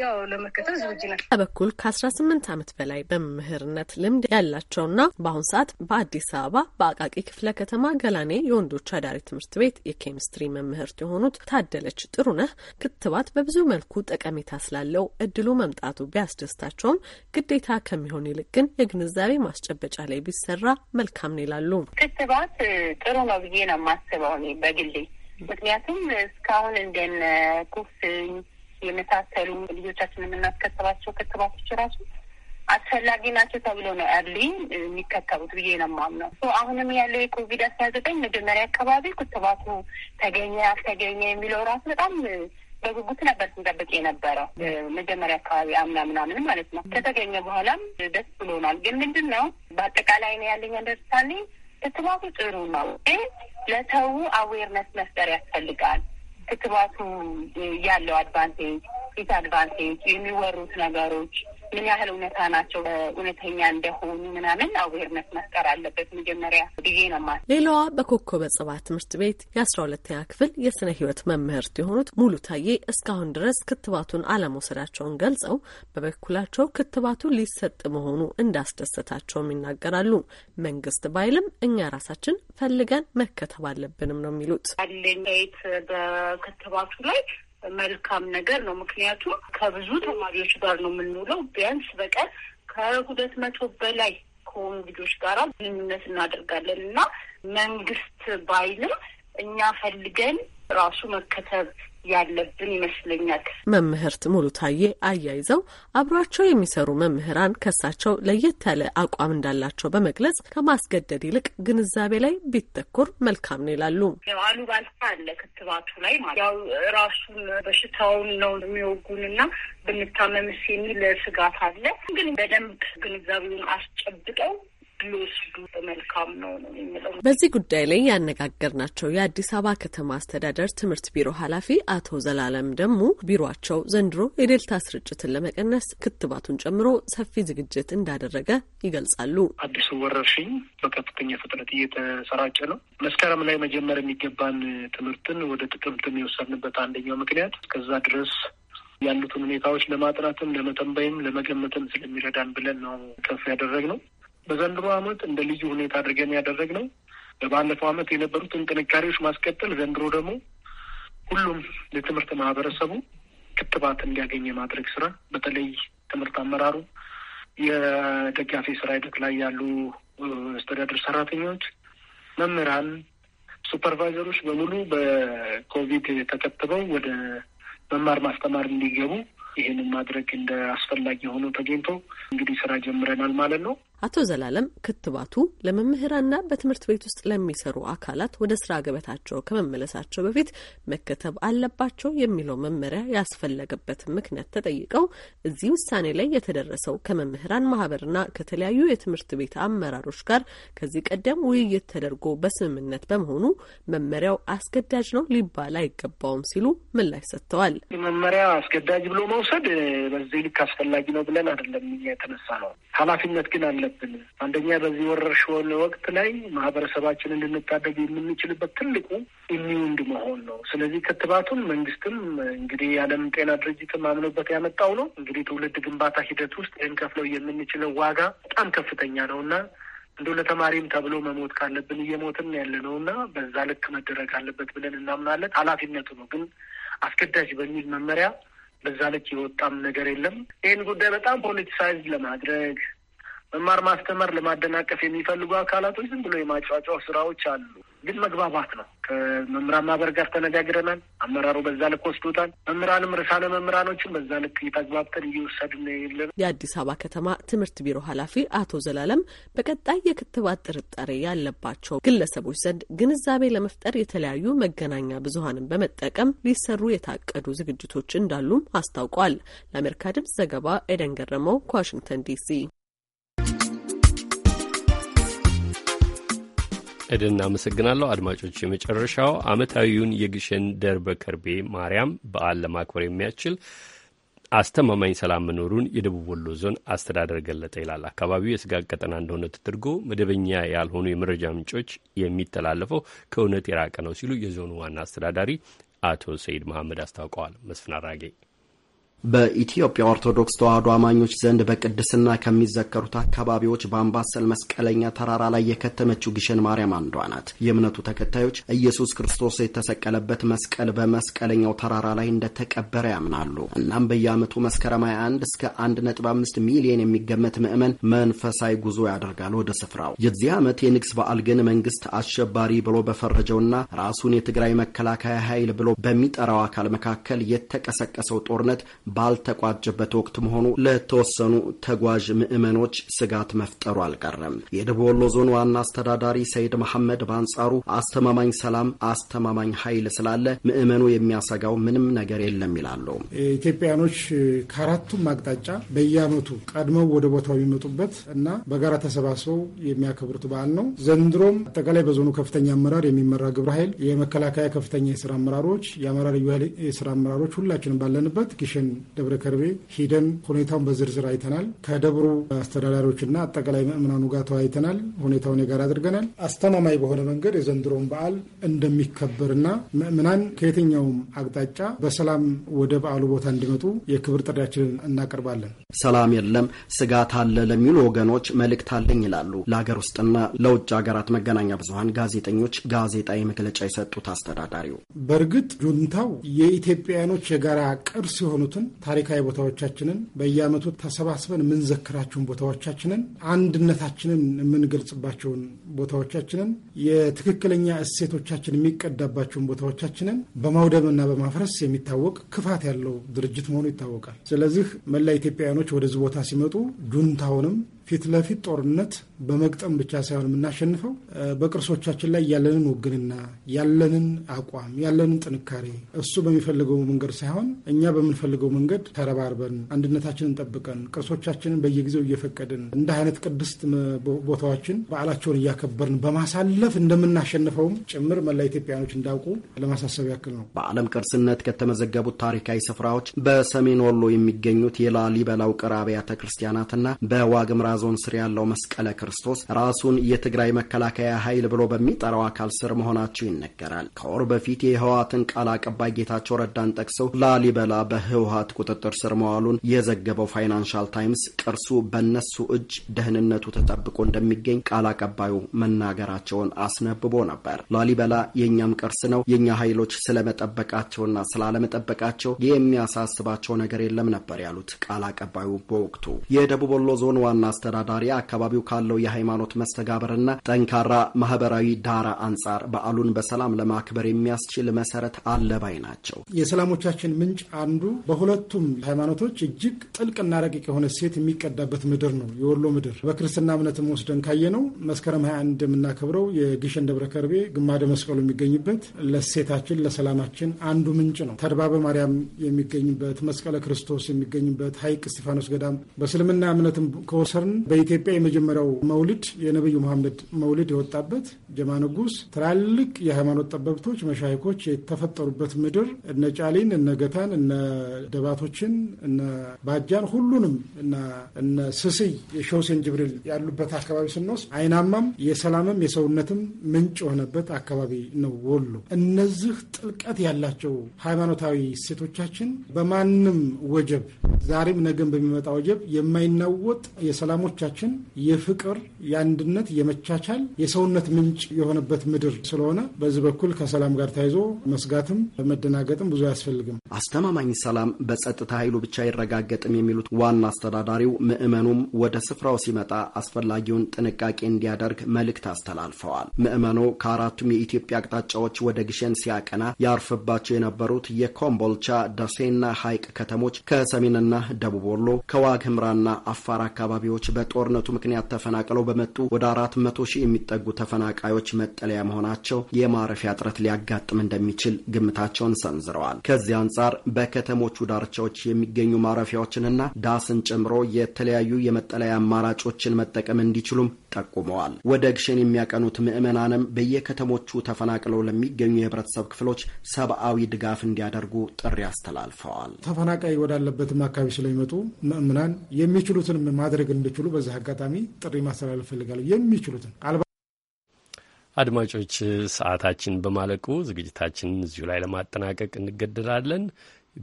ያው ለመከተል ዝግጁ ነን። በኩል ከአስራ ስምንት ዓመት በላይ በመምህርነት ልምድ ያላቸውና በአሁን ሰዓት በአዲስ አበባ በአቃቂ ክፍለ ከተማ ገላኔ የወንዶች አዳሪ ትምህርት ቤት የኬሚስትሪ መምህርት የሆኑት ታደለች ጥሩነህ ክትባት በብዙ መልኩ ጠቀሜታ ስላለው እድሉ መምጣቱ ቢያስደስታቸውም ግዴታ ከሚሆን ይልቅ ግን የግንዛቤ ማስጨበጫ ላይ ቢሰራ መልካም ነው ይላሉ። ክትባት ጥሩ ነው ብዬ ነው የማስበው እኔ በግሌ ምክንያቱም እስካሁን እንደነ ኩፍኝ የመሳሰሉ ልጆቻችን የምናስከተባቸው ክትባቶች ራሱ አስፈላጊ ናቸው ተብሎ ነው ያሉኝ የሚከተቡት ብዬ ነው የማምነው። አሁንም ያለው የኮቪድ አስራ ዘጠኝ መጀመሪያ አካባቢ ክትባቱ ተገኘ አልተገኘ የሚለው ራሱ በጣም በጉጉት ነበር ስንጠብቅ የነበረው መጀመሪያ አካባቢ አምና ምናምን ማለት ነው። ከተገኘ በኋላም ደስ ብሎናል። ግን ምንድን ነው በአጠቃላይ ነው ያለኝ አንደርስታንዲንግ ክትባቱ ጥሩ ነው፣ ግን ለሰው አዌርነስ መፍጠር ያስፈልጋል። ክትባቱ ያለው አድቫንቴጅ ዲስአድቫንቴጅ የሚወሩት ነገሮች ምን ያህል እውነታ ናቸው እውነተኛ እንደሆኑ ምናምን አዌርነት መፍጠር አለበት መጀመሪያ ብዬ ነው ማለት። ሌላዋ በኮከበ ጽባ ትምህርት ቤት የአስራ ሁለተኛ ክፍል የስነ ህይወት መምህርት የሆኑት ሙሉ ታዬ እስካሁን ድረስ ክትባቱን አለመውሰዳቸውን ገልጸው በበኩላቸው ክትባቱ ሊሰጥ መሆኑ እንዳስደሰታቸውም ይናገራሉ። መንግስት ባይልም እኛ ራሳችን ፈልገን መከተብ አለብንም ነው የሚሉት አለኝ በክትባቱ ላይ መልካም ነገር ነው። ምክንያቱም ከብዙ ተማሪዎች ጋር ነው የምንውለው። ቢያንስ በቀን ከሁለት መቶ በላይ ከሆኑ ልጆች ጋር ግንኙነት እናደርጋለን እና መንግስት ባይልም እኛ ፈልገን ራሱ መከተብ ያለብን ይመስለኛል። መምህርት ሙሉ ታዬ አያይዘው አብሯቸው የሚሰሩ መምህራን ከሳቸው ለየት ያለ አቋም እንዳላቸው በመግለጽ ከማስገደድ ይልቅ ግንዛቤ ላይ ቢተኩር መልካም ነው ይላሉ። ባልታ አለ ክትባቱ ላይ ማለት ያው ራሱን በሽታውን ነው የሚወጉንና ብንታመምስ የሚል ስጋት አለ። ግን በደንብ ግንዛቤውን አስጨብጠው ቢወስዱ መልካም ነው ነው የሚለው። በዚህ ጉዳይ ላይ ያነጋገርናቸው የአዲስ አበባ ከተማ አስተዳደር ትምህርት ቢሮ ኃላፊ አቶ ዘላለም ደግሞ ቢሮቸው ዘንድሮ የዴልታ ስርጭትን ለመቀነስ ክትባቱን ጨምሮ ሰፊ ዝግጅት እንዳደረገ ይገልጻሉ። አዲሱ ወረርሽኝ በከፍተኛ ፍጥነት እየተሰራጨ ነው። መስከረም ላይ መጀመር የሚገባን ትምህርትን ወደ ጥቅምት የወሰድንበት አንደኛው ምክንያት እስከዛ ድረስ ያሉትን ሁኔታዎች ለማጥናትም ለመተንበይም ለመገመትም ስለሚረዳን ብለን ነው ከፍ ያደረግነው። በዘንድሮ ዓመት እንደ ልዩ ሁኔታ አድርገን ነው። በባለፈው ዓመት የነበሩትን ጥንካሬዎች ማስቀጠል፣ ዘንድሮ ደግሞ ሁሉም የትምህርት ማህበረሰቡ ክትባት እንዲያገኝ የማድረግ ስራ በተለይ ትምህርት አመራሩ፣ የደጋፊ ስራ ሂደት ላይ ያሉ አስተዳደር ሰራተኞች፣ መምህራን፣ ሱፐርቫይዘሮች በሙሉ በኮቪድ ተከትበው ወደ መማር ማስተማር እንዲገቡ ይህንን ማድረግ እንደ አስፈላጊ ሆኖ ተገኝቶ እንግዲህ ስራ ጀምረናል ማለት ነው። አቶ ዘላለም ክትባቱ ለመምህራንና በትምህርት ቤት ውስጥ ለሚሰሩ አካላት ወደ ስራ ገበታቸው ከመመለሳቸው በፊት መከተብ አለባቸው የሚለው መመሪያ ያስፈለገበትን ምክንያት ተጠይቀው እዚህ ውሳኔ ላይ የተደረሰው ከመምህራን ማህበርና ከተለያዩ የትምህርት ቤት አመራሮች ጋር ከዚህ ቀደም ውይይት ተደርጎ በስምምነት በመሆኑ መመሪያው አስገዳጅ ነው ሊባል አይገባውም ሲሉ ምላሽ ሰጥተዋል። መመሪያ አስገዳጅ ብሎ መውሰድ በዚህ ልክ አስፈላጊ ነው ብለን አይደለም የተነሳ ነው። ኃላፊነት ግን አለ አለብን። አንደኛ በዚህ ወረርሽኝ ወቅት ላይ ማህበረሰባችን እንድንታደግ የምንችልበት ትልቁ ኢሚንድ መሆን ነው። ስለዚህ ክትባቱን መንግስትም እንግዲህ የዓለም ጤና ድርጅትም አምኖበት ያመጣው ነው። እንግዲህ ትውልድ ግንባታ ሂደት ውስጥ ከፍለው የምንችለው ዋጋ በጣም ከፍተኛ ነው እና እንደው ለተማሪም ተብሎ መሞት ካለብን እየሞትን ያለ ነው እና በዛ ልክ መደረግ አለበት ብለን እናምናለን። ኃላፊነቱ ነው ግን አስገዳጅ በሚል መመሪያ በዛ ልክ የወጣም ነገር የለም። ይህን ጉዳይ በጣም ፖለቲሳይዝ ለማድረግ መማር ማስተማር ለማደናቀፍ የሚፈልጉ አካላቶች ዝም ብሎ የማጫጫው ስራዎች አሉ። ግን መግባባት ነው። ከመምህራን ማህበር ጋር ተነጋግረናል። አመራሩ በዛ ልክ ወስዶታል። መምህራንም ርዕሳነ መምህራኖችን በዛ ልክ እየተግባብተን እየወሰድን የለን። የአዲስ አበባ ከተማ ትምህርት ቢሮ ኃላፊ አቶ ዘላለም በቀጣይ የክትባት ጥርጣሬ ያለባቸው ግለሰቦች ዘንድ ግንዛቤ ለመፍጠር የተለያዩ መገናኛ ብዙኃንን በመጠቀም ሊሰሩ የታቀዱ ዝግጅቶች እንዳሉም አስታውቋል። ለአሜሪካ ድምጽ ዘገባ ኤደን ገረመው ከዋሽንግተን ዲሲ እድን እናመሰግናለሁ። አድማጮች የመጨረሻው ዓመታዊውን የግሸን ደርበ ከርቤ ማርያም በዓል ለማክበር የሚያስችል አስተማማኝ ሰላም መኖሩን የደቡብ ወሎ ዞን አስተዳደር ገለጠ ይላል። አካባቢው የስጋት ቀጠና እንደሆነ ተደርጎ መደበኛ ያልሆኑ የመረጃ ምንጮች የሚተላለፈው ከእውነት የራቀ ነው ሲሉ የዞኑ ዋና አስተዳዳሪ አቶ ሰይድ መሐመድ አስታውቀዋል። መስፍን አራጌ በኢትዮጵያ ኦርቶዶክስ ተዋህዶ አማኞች ዘንድ በቅድስና ከሚዘከሩት አካባቢዎች በአምባሰል መስቀለኛ ተራራ ላይ የከተመችው ግሸን ማርያም አንዷ ናት። የእምነቱ ተከታዮች ኢየሱስ ክርስቶስ የተሰቀለበት መስቀል በመስቀለኛው ተራራ ላይ እንደተቀበረ ያምናሉ። እናም በየዓመቱ መስከረም 21 እስከ 1.5 ሚሊዮን የሚገመት ምዕመን መንፈሳዊ ጉዞ ያደርጋል ወደ ስፍራው። የዚህ ዓመት የንግስ በዓል ግን መንግስት አሸባሪ ብሎ በፈረጀውና ራሱን የትግራይ መከላከያ ኃይል ብሎ በሚጠራው አካል መካከል የተቀሰቀሰው ጦርነት ባልተቋጨበት ወቅት መሆኑ ለተወሰኑ ተጓዥ ምዕመኖች ስጋት መፍጠሩ አልቀረም። የደቡብ ወሎ ዞን ዋና አስተዳዳሪ ሰይድ መሐመድ በአንጻሩ አስተማማኝ ሰላም፣ አስተማማኝ ኃይል ስላለ ምዕመኑ የሚያሰጋው ምንም ነገር የለም ይላሉ። ኢትዮጵያኖች ከአራቱም አቅጣጫ በየዓመቱ ቀድመው ወደ ቦታው የሚመጡበት እና በጋራ ተሰባስበው የሚያከብሩት በዓል ነው። ዘንድሮም አጠቃላይ በዞኑ ከፍተኛ አመራር የሚመራ ግብረ ኃይል፣ የመከላከያ ከፍተኛ የስራ አመራሮች፣ የአመራር የስራ አመራሮች ሁላችንም ባለንበት ግሸን ደብረ ከርቤ ሂደን ሁኔታውን በዝርዝር አይተናል። ከደብሩ አስተዳዳሪዎችና አጠቃላይ ምእምናኑ ጋር ተወያይተናል። ሁኔታውን የጋራ አድርገናል። አስተማማኝ በሆነ መንገድ የዘንድሮውን በዓል እንደሚከበርና ምእምናን ከየትኛውም አቅጣጫ በሰላም ወደ በዓሉ ቦታ እንዲመጡ የክብር ጥሪያችንን እናቀርባለን። ሰላም የለም ስጋት አለ ለሚሉ ወገኖች መልእክት አለኝ ይላሉ ለሀገር ውስጥና ለውጭ ሀገራት መገናኛ ብዙሀን ጋዜጠኞች ጋዜጣዊ መግለጫ የሰጡት አስተዳዳሪው በእርግጥ ጁንታው የኢትዮጵያውያኖች የጋራ ቅርስ የሆኑትን ታሪካዊ ቦታዎቻችንን በየዓመቱ ተሰባስበን የምንዘክራቸውን ቦታዎቻችንን፣ አንድነታችንን የምንገልጽባቸውን ቦታዎቻችንን፣ የትክክለኛ እሴቶቻችን የሚቀዳባቸውን ቦታዎቻችንን በማውደምና በማፍረስ የሚታወቅ ክፋት ያለው ድርጅት መሆኑ ይታወቃል። ስለዚህ መላ ኢትዮጵያውያኖች ወደዚህ ቦታ ሲመጡ ጁንታውንም ፊት ለፊት ጦርነት በመግጠም ብቻ ሳይሆን የምናሸንፈው በቅርሶቻችን ላይ ያለንን ውግንና፣ ያለንን አቋም፣ ያለንን ጥንካሬ እሱ በሚፈልገው መንገድ ሳይሆን እኛ በምንፈልገው መንገድ ተረባርበን አንድነታችንን ጠብቀን ቅርሶቻችንን በየጊዜው እየፈቀድን እንደ አይነት ቅድስት ቦታዎችን በዓላቸውን እያከበርን በማሳለፍ እንደምናሸንፈውም ጭምር መላ ኢትዮጵያኖች እንዳውቁ ለማሳሰብ ያክል ነው። በዓለም ቅርስነት ከተመዘገቡት ታሪካዊ ስፍራዎች በሰሜን ወሎ የሚገኙት የላሊበላ ውቅር አብያተ ክርስቲያናትና በዋግምራ ዞን ስር ያለው መስቀለ ክርስቶስ ራሱን የትግራይ መከላከያ ኃይል ብሎ በሚጠራው አካል ስር መሆናቸው ይነገራል። ከወር በፊት የህወሓትን ቃል አቀባይ ጌታቸው ረዳን ጠቅሰው ላሊበላ በህወሓት ቁጥጥር ስር መዋሉን የዘገበው ፋይናንሻል ታይምስ ቅርሱ በነሱ እጅ ደህንነቱ ተጠብቆ እንደሚገኝ ቃል አቀባዩ መናገራቸውን አስነብቦ ነበር። ላሊበላ የእኛም ቅርስ ነው። የእኛ ኃይሎች ስለመጠበቃቸውና ስላለመጠበቃቸው የሚያሳስባቸው ነገር የለም ነበር ያሉት ቃል አቀባዩ በወቅቱ የደቡብ ወሎ ዞን ዋና አስተዳዳሪ አካባቢው ካለው የሃይማኖት መስተጋበርና ጠንካራ ማህበራዊ ዳራ አንጻር በዓሉን በሰላም ለማክበር የሚያስችል መሰረት አለባይ ናቸው። የሰላሞቻችን ምንጭ አንዱ በሁለቱም ሃይማኖቶች እጅግ ጥልቅና ረቂቅ የሆነ ሴት የሚቀዳበት ምድር ነው የወሎ ምድር። በክርስትና እምነትም ወስደን ካየነው መስከረም 21 እንደምናከብረው የግሸን ደብረ ከርቤ ግማደ መስቀሉ የሚገኝበት ለሴታችን ለሰላማችን አንዱ ምንጭ ነው። ተድባበ ማርያም የሚገኝበት መስቀለ ክርስቶስ የሚገኝበት ሀይቅ እስጢፋኖስ ገዳም በእስልምና እምነትም ከወሰርን በኢትዮጵያ የመጀመሪያው መውሊድ የነቢዩ መሐመድ መውሊድ የወጣበት ጀማ ንጉስ ትላልቅ የሃይማኖት ጠበብቶች መሻይኮች የተፈጠሩበት ምድር እነ ጫሊን፣ እነ ገታን፣ እነ ደባቶችን፣ እነ ባጃን ሁሉንም እነ ስስይ የሾሴን ጅብሪል ያሉበት አካባቢ ስንወስድ አይናማም የሰላምም የሰውነትም ምንጭ የሆነበት አካባቢ ነው ወሎ። እነዚህ ጥልቀት ያላቸው ሃይማኖታዊ እሴቶቻችን በማንም ወጀብ ዛሬም ነገም በሚመጣ ወጀብ የማይናወጥ የሰላሙ ከተሞቻችን የፍቅር፣ የአንድነት፣ የመቻቻል የሰውነት ምንጭ የሆነበት ምድር ስለሆነ በዚህ በኩል ከሰላም ጋር ተያይዞ መስጋትም መደናገጥም ብዙ አያስፈልግም። አስተማማኝ ሰላም በጸጥታ ኃይሉ ብቻ አይረጋገጥም የሚሉት ዋና አስተዳዳሪው ምዕመኑም ወደ ስፍራው ሲመጣ አስፈላጊውን ጥንቃቄ እንዲያደርግ መልእክት አስተላልፈዋል። ምዕመኑ ከአራቱም የኢትዮጵያ አቅጣጫዎች ወደ ግሸን ሲያቀና ያርፍባቸው የነበሩት የኮምቦልቻ ደሴና ሐይቅ ከተሞች ከሰሜንና ደቡብ ወሎ ከዋግ ህምራና አፋር አካባቢዎች በጦርነቱ ምክንያት ተፈናቅለው በመጡ ወደ አራት መቶ ሺህ የሚጠጉ ተፈናቃዮች መጠለያ መሆናቸው የማረፊያ እጥረት ሊያጋጥም እንደሚችል ግምታቸውን ሰንዝረዋል። ከዚህ አንጻር በከተሞቹ ዳርቻዎች የሚገኙ ማረፊያዎችንና ዳስን ጨምሮ የተለያዩ የመጠለያ አማራጮችን መጠቀም እንዲችሉም ጠቁመዋል። ወደ ግሸን የሚያቀኑት ምዕመናንም በየከተሞቹ ተፈናቅለው ለሚገኙ የህብረተሰብ ክፍሎች ሰብአዊ ድጋፍ እንዲያደርጉ ጥሪ አስተላልፈዋል። ተፈናቃይ ወዳለበትም አካባቢ ስለሚመጡ ምእምናን የሚችሉትን ማድረግ እንዲችሉ እንደሚችሉ በዚህ አጋጣሚ ጥሪ ማስተላለፍ ፈልጋለሁ። የሚችሉትን አድማጮች፣ ሰዓታችን በማለቁ ዝግጅታችን እዚሁ ላይ ለማጠናቀቅ እንገደዳለን።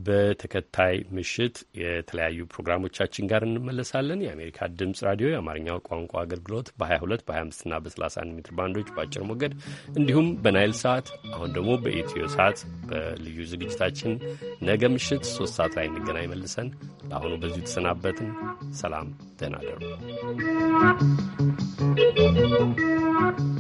በተከታይ ምሽት የተለያዩ ፕሮግራሞቻችን ጋር እንመለሳለን። የአሜሪካ ድምፅ ራዲዮ የአማርኛው ቋንቋ አገልግሎት በ22 በ25ና በ31 ሜትር ባንዶች በአጭር ሞገድ እንዲሁም በናይል ሰዓት አሁን ደግሞ በኢትዮ ሰዓት በልዩ ዝግጅታችን ነገ ምሽት ሶስት ሰዓት ላይ እንገናኝ መልሰን። ለአሁኑ በዚሁ ተሰናበትን። ሰላም፣ ደህና you.